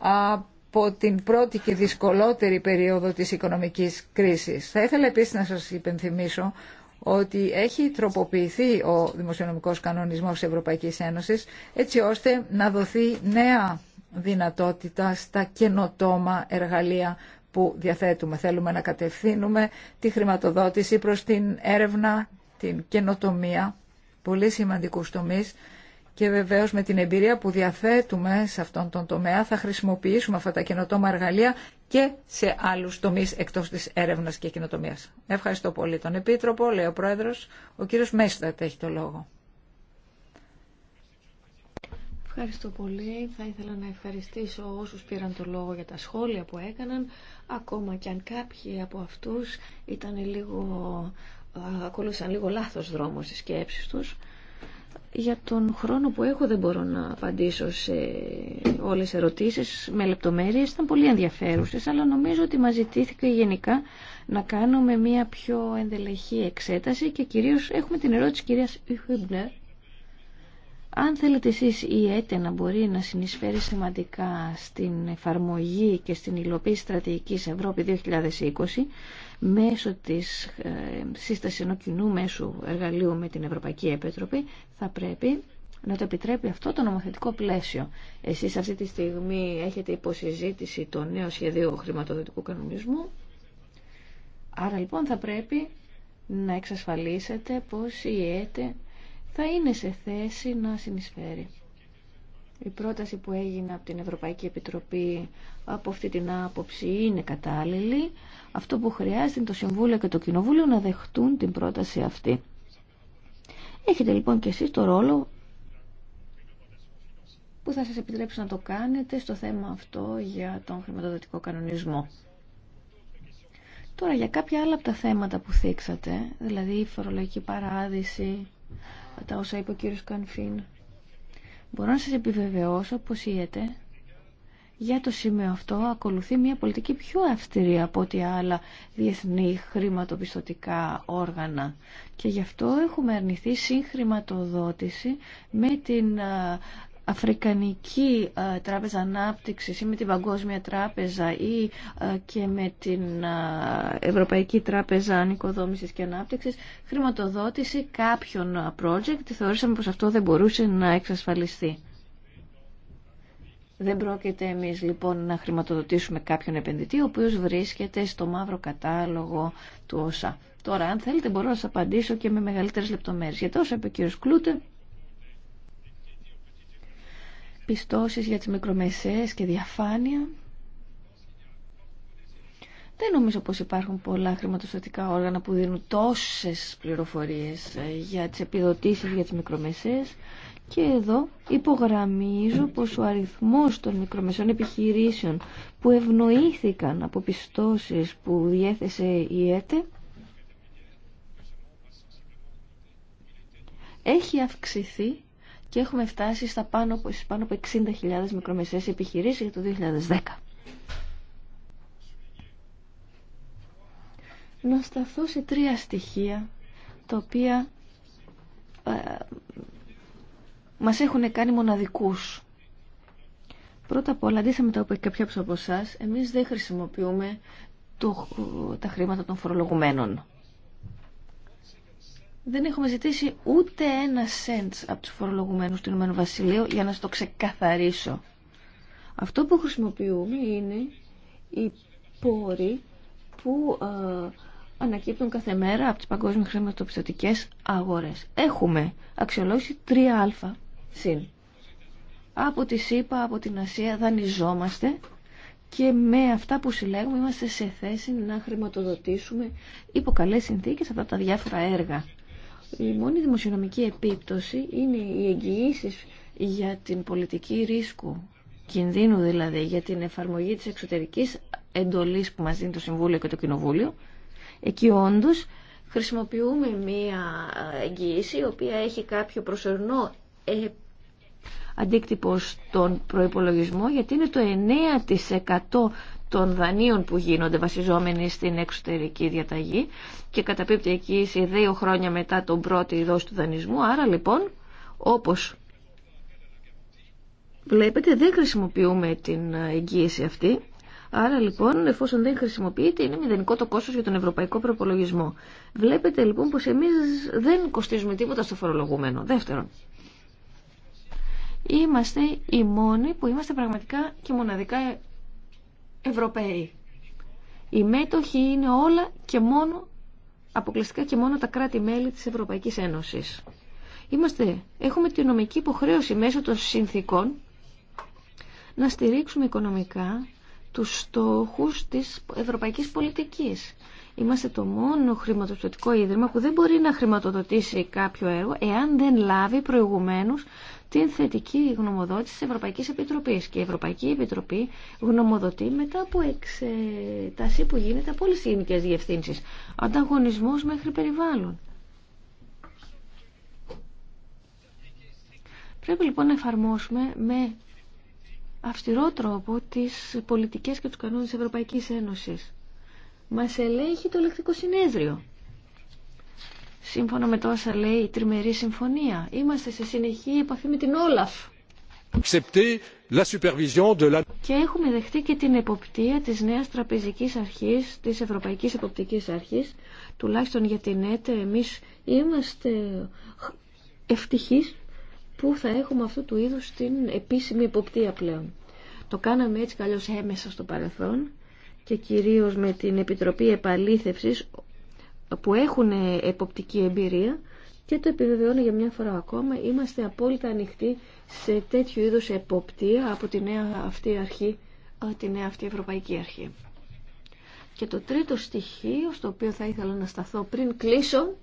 από την πρώτη και δυσκολότερη περίοδο της οικονομικής κρίσης. Θα ήθελα επίσης να σας υπενθυμίσω ότι έχει τροποποιηθεί ο δημοσιονομικός κανονισμός της Ευρωπαϊκής Ένωσης έτσι ώστε να δοθεί νέα δυνατότητα στα καινοτόμα εργαλεία που διαθέτουμε. Θέλουμε να κατευθύνουμε τη χρηματοδότηση προς την έρευνα, την καινοτομία, πολύ σημαντικούς τομείς, και βεβαίως με την εμπειρία που διαθέτουμε σε αυτόν τον τομέα θα χρησιμοποιήσουμε αυτά τα καινοτόμα εργαλεία και σε άλλους τομείς εκτός της έρευνας και κοινοτομίας. Ευχαριστώ πολύ τον Επίτροπο, λέει ο Πρόεδρος. Ο κύριος Μέστατ έχει το λόγο. Ευχαριστώ πολύ. Θα ήθελα να ευχαριστήσω όσους πήραν το λόγο για τα σχόλια που έκαναν, ακόμα και αν κάποιοι από αυτούς ήταν λίγο, ακολούθησαν λίγο λάθος δρόμο στις σκέψεις τους. Για τον χρόνο που έχω δεν μπορώ να απαντήσω σε όλες τις ερωτήσεις με λεπτομέρειες. Ήταν πολύ ενδιαφέρουσες, αλλά νομίζω ότι μας ζητήθηκε γενικά να κάνουμε μια πιο ενδελεχή εξέταση και κυρίως έχουμε την ερώτηση κυρίας Ιχουμπνερ. Αν θέλετε εσείς η ΕΤΕ να μπορεί να συνεισφέρει σημαντικά στην εφαρμογή και στην υλοποίηση στρατηγικής Ευρώπη 2020, μέσω της ε, σύστασης ενός κοινού μέσου εργαλείου με την Ευρωπαϊκή Επιτροπή θα πρέπει να το επιτρέπει αυτό το νομοθετικό πλαίσιο. Εσείς αυτή τη στιγμή έχετε υποσυζήτηση το νέο σχεδίο χρηματοδοτικού κανονισμού. Άρα λοιπόν θα πρέπει να εξασφαλίσετε πως η ΕΤΕ θα είναι σε θέση να συνεισφέρει. Η πρόταση που έγινε από την Ευρωπαϊκή Επιτροπή από αυτή την άποψη είναι κατάλληλη. Αυτό που χρειάζεται είναι το Συμβούλιο και το Κοινοβούλιο να δεχτούν την πρόταση αυτή. Έχετε λοιπόν και εσείς το ρόλο που θα σας επιτρέψει να το κάνετε στο θέμα αυτό για τον χρηματοδοτικό κανονισμό. Τώρα για κάποια άλλα από τα θέματα που θίξατε, δηλαδή η φορολογική παράδειση, τα όσα είπε ο κύριος Κανφίν, Μπορώ να σας επιβεβαιώσω πως η ΕΤΕ για το σημείο αυτό ακολουθεί μια πολιτική πιο αυστηρή από ό,τι άλλα διεθνή χρηματοπιστωτικά όργανα. Και γι' αυτό έχουμε αρνηθεί συγχρηματοδότηση με την Αφρικανική ε, Τράπεζα Ανάπτυξης ή με την Παγκόσμια Τράπεζα ή ε, και με την ε, Ευρωπαϊκή Τράπεζα Ανοικοδόμησης και Ανάπτυξης χρηματοδότηση κάποιων project. Θεωρήσαμε πως αυτό δεν μπορούσε να εξασφαλιστεί. Δεν πρόκειται εμείς λοιπόν να χρηματοδοτήσουμε κάποιον επενδυτή ο οποίος βρίσκεται στο μαύρο κατάλογο του ΩΣΑ. Τώρα αν θέλετε μπορώ να σα απαντήσω και με μεγαλύτερε λεπτομέρειε. Γιατί όσο είπε ο κ. Κλούτε, πιστώσεις για τις μικρομεσαίες και διαφάνεια. Δεν νομίζω πως υπάρχουν πολλά χρηματοστατικά όργανα που δίνουν τόσες πληροφορίες ε, για τις επιδοτήσεις για τις μικρομεσαίες και εδώ υπογραμμίζω πως ο αριθμός των μικρομεσαίων επιχειρήσεων που ευνοήθηκαν από πιστώσεις που διέθεσε η ΕΤΕ έχει αυξηθεί και έχουμε φτάσει στα πάνω, στις πάνω από 60.000 μικρομεσαίες επιχειρήσεις για το 2010. Να σταθώ σε τρία στοιχεία τα οποία ε, μας έχουν κάνει μοναδικούς. Πρώτα απ' όλα, αντίθετα με τα οποία κάποια από εσά, εμείς δεν χρησιμοποιούμε το, τα χρήματα των φορολογουμένων δεν έχουμε ζητήσει ούτε ένα σέντ από τους φορολογουμένους του Ηνωμένου Βασιλείου για να στο ξεκαθαρίσω. Αυτό που χρησιμοποιούμε είναι οι πόροι που ε, ανακύπτουν κάθε μέρα από τις παγκόσμιες χρηματοπιστωτικές αγορές. Έχουμε αξιολόγηση 3α συν. Από τη ΣΥΠΑ, από την Ασία δανειζόμαστε και με αυτά που συλλέγουμε είμαστε σε θέση να χρηματοδοτήσουμε υπό συνθήκες αυτά τα διάφορα έργα. Η μόνη δημοσιονομική επίπτωση είναι οι εγγυήσει για την πολιτική ρίσκου, κινδύνου δηλαδή, για την εφαρμογή της εξωτερικής εντολής που μας δίνει το Συμβούλιο και το Κοινοβούλιο. Εκεί όντως χρησιμοποιούμε μία εγγύηση η οποία έχει κάποιο προσωρινό ε, αντίκτυπο στον προϋπολογισμό γιατί είναι το 9% των δανείων που γίνονται βασιζόμενοι στην εξωτερική διαταγή και καταπίπτει εκεί σε δύο χρόνια μετά τον πρώτη δόση του δανεισμού. Άρα λοιπόν, όπως βλέπετε, δεν χρησιμοποιούμε την εγγύηση αυτή. Άρα λοιπόν, εφόσον δεν χρησιμοποιείται, είναι μηδενικό το κόστος για τον ευρωπαϊκό προπολογισμό. Βλέπετε λοιπόν πως εμείς δεν κοστίζουμε τίποτα στο φορολογούμενο. Δεύτερον, είμαστε οι μόνοι που είμαστε πραγματικά και μοναδικά Ευρωπαίοι. Οι μέτοχοι είναι όλα και μόνο, αποκλειστικά και μόνο τα κράτη-μέλη της Ευρωπαϊκής Ένωσης. Είμαστε, έχουμε την νομική υποχρέωση μέσω των συνθήκων να στηρίξουμε οικονομικά τους στόχους της ευρωπαϊκής πολιτικής. Είμαστε το μόνο χρηματοδοτικό ίδρυμα που δεν μπορεί να χρηματοδοτήσει κάποιο έργο εάν δεν λάβει προηγουμένως την θετική γνωμοδότηση της Ευρωπαϊκής Επιτροπής. Και η Ευρωπαϊκή Επιτροπή γνωμοδοτεί μετά από εξετασή που γίνεται από όλες τις γενικές διευθύνσεις. Ανταγωνισμός μέχρι περιβάλλον. Πρέπει λοιπόν να εφαρμόσουμε με αυστηρό τρόπο τις πολιτικές και τους κανόνες της Ευρωπαϊκής Ένωσης. Μας ελέγχει το ελεκτικό συνέδριο. Σύμφωνα με το όσα λέει η τριμερή συμφωνία. Είμαστε σε συνεχή επαφή με την Όλαφ. Και έχουμε δεχτεί και την εποπτεία της νέας τραπεζικής αρχής, της Ευρωπαϊκής Εποπτικής Αρχής, τουλάχιστον για την ΕΤΕ. Εμείς είμαστε ευτυχείς που θα έχουμε αυτού του είδους την επίσημη εποπτεία πλέον. Το κάναμε έτσι καλώς έμεσα στο παρελθόν και κυρίως με την Επιτροπή Επαλήθευσης που έχουν εποπτική εμπειρία και το επιβεβαιώνω για μια φορά ακόμα, είμαστε απόλυτα ανοιχτοί σε τέτοιου είδους εποπτεία από τη νέα αυτή αρχή, τη νέα αυτή ευρωπαϊκή αρχή. Και το τρίτο στοιχείο, στο οποίο θα ήθελα να σταθώ πριν κλείσω,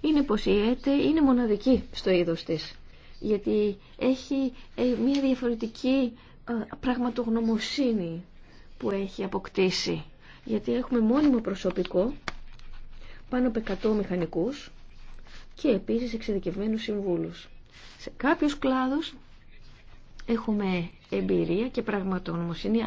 είναι πως η ΕΤΕ είναι μοναδική στο είδος της. Γιατί έχει ε, μια διαφορετική ε, πραγματογνωμοσύνη που έχει αποκτήσει. Γιατί έχουμε μόνιμο προσωπικό, πάνω από 100 μηχανικούς και επίσης εξειδικευμένους συμβούλους. Σε κάποιους κλάδους έχουμε εμπειρία και πραγματογνωμοσύνη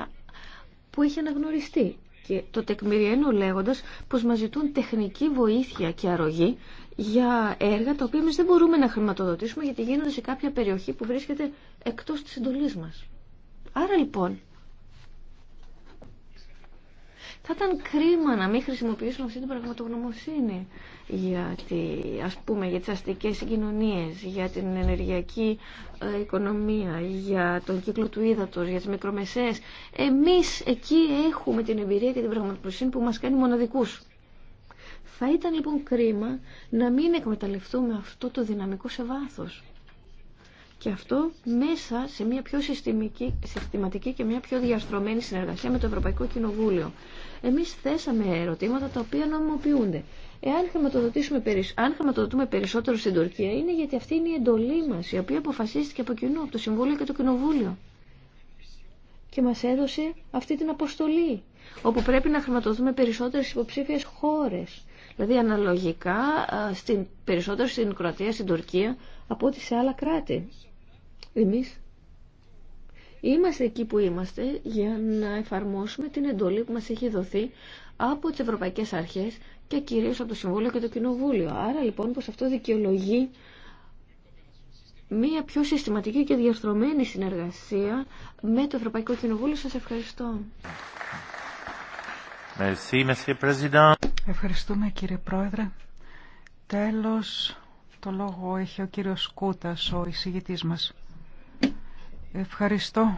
που έχει αναγνωριστεί. Και το τεκμηριένω λέγοντας πως μας ζητούν τεχνική βοήθεια και αρρωγή για έργα τα οποία εμεί δεν μπορούμε να χρηματοδοτήσουμε γιατί γίνονται σε κάποια περιοχή που βρίσκεται εκτός της εντολής μας. Άρα λοιπόν, θα ήταν κρίμα να μην χρησιμοποιήσουμε αυτή την πραγματογνωμοσύνη για, τη, ας πούμε, για τις αστικές συγκοινωνίες, για την ενεργειακή ε, οικονομία, για τον κύκλο του ύδατος, για τις μικρομεσαίες. Εμείς εκεί έχουμε την εμπειρία και την πραγματογνωμοσύνη που μας κάνει μοναδικούς. Θα ήταν λοιπόν κρίμα να μην εκμεταλλευτούμε αυτό το δυναμικό σε βάθος. Και αυτό μέσα σε μια πιο συστηματική και μια πιο διαστρωμένη συνεργασία με το Ευρωπαϊκό Κοινοβούλιο. Εμείς θέσαμε ερωτήματα τα οποία νομιμοποιούνται. Εάν χρηματοδοτήσουμε, αν χρηματοδοτούμε περισσότερο στην Τουρκία είναι γιατί αυτή είναι η εντολή μας, η οποία αποφασίστηκε από κοινού, από το Συμβούλιο και το Κοινοβούλιο. Και μας έδωσε αυτή την αποστολή, όπου πρέπει να χρηματοδοτούμε περισσότερες υποψήφιες χώρες Δηλαδή αναλογικά ε, στην, περισσότερο στην Κροατία, στην Τουρκία από ό,τι σε άλλα κράτη. Εμείς είμαστε εκεί που είμαστε για να εφαρμόσουμε την εντολή που μας έχει δοθεί από τις Ευρωπαϊκές Αρχές και κυρίως από το Συμβούλιο και το Κοινοβούλιο. Άρα λοιπόν πως αυτό δικαιολογεί μία πιο συστηματική και διαρθρωμένη συνεργασία με το Ευρωπαϊκό Κοινοβούλιο. Σας ευχαριστώ. Ευχαριστούμε κύριε Πρόεδρε. Τέλος, το λόγο έχει ο κύριος Κούτας, ο εισηγητής μας. Ευχαριστώ.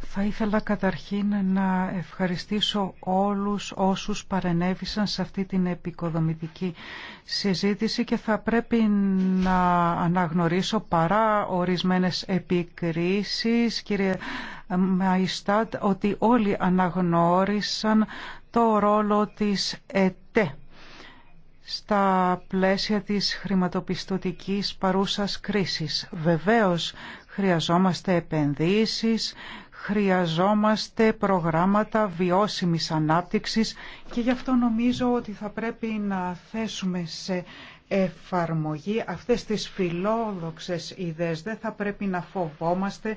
Θα ήθελα καταρχήν να ευχαριστήσω όλους όσους παρενέβησαν σε αυτή την επικοδομητική συζήτηση και θα πρέπει να αναγνωρίσω παρά ορισμένες επικρίσεις, κύριε Μαϊστάτ, ότι όλοι αναγνώρισαν το ρόλο της ΕΤΕ στα πλαίσια της χρηματοπιστωτικής παρούσας κρίσης. Βεβαίως χρειαζόμαστε επενδύσεις, χρειαζόμαστε προγράμματα βιώσιμης ανάπτυξης και γι' αυτό νομίζω ότι θα πρέπει να θέσουμε σε εφαρμογή αυτές τις φιλόδοξες ιδέες. Δεν θα πρέπει να φοβόμαστε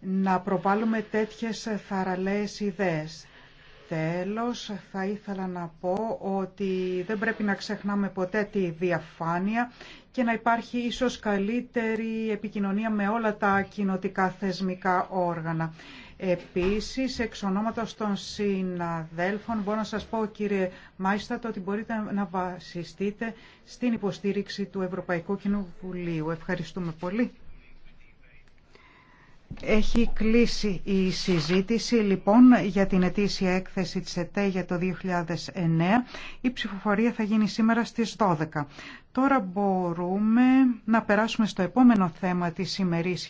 να προβάλλουμε τέτοιες θαραλέες ιδέες. Τέλος, θα ήθελα να πω ότι δεν πρέπει να ξεχνάμε ποτέ τη διαφάνεια και να υπάρχει ίσως καλύτερη επικοινωνία με όλα τα κοινοτικά θεσμικά όργανα. Επίσης, εξ ονόματος των συναδέλφων, μπορώ να σας πω, κύριε το ότι μπορείτε να βασιστείτε στην υποστήριξη του Ευρωπαϊκού Κοινοβουλίου. Ευχαριστούμε πολύ. Έχει κλείσει η συζήτηση λοιπόν για την ετήσια έκθεση της ΕΤΕ για το 2009. Η ψηφοφορία θα γίνει σήμερα στις 12. Τώρα μπορούμε να περάσουμε στο επόμενο θέμα της ημερής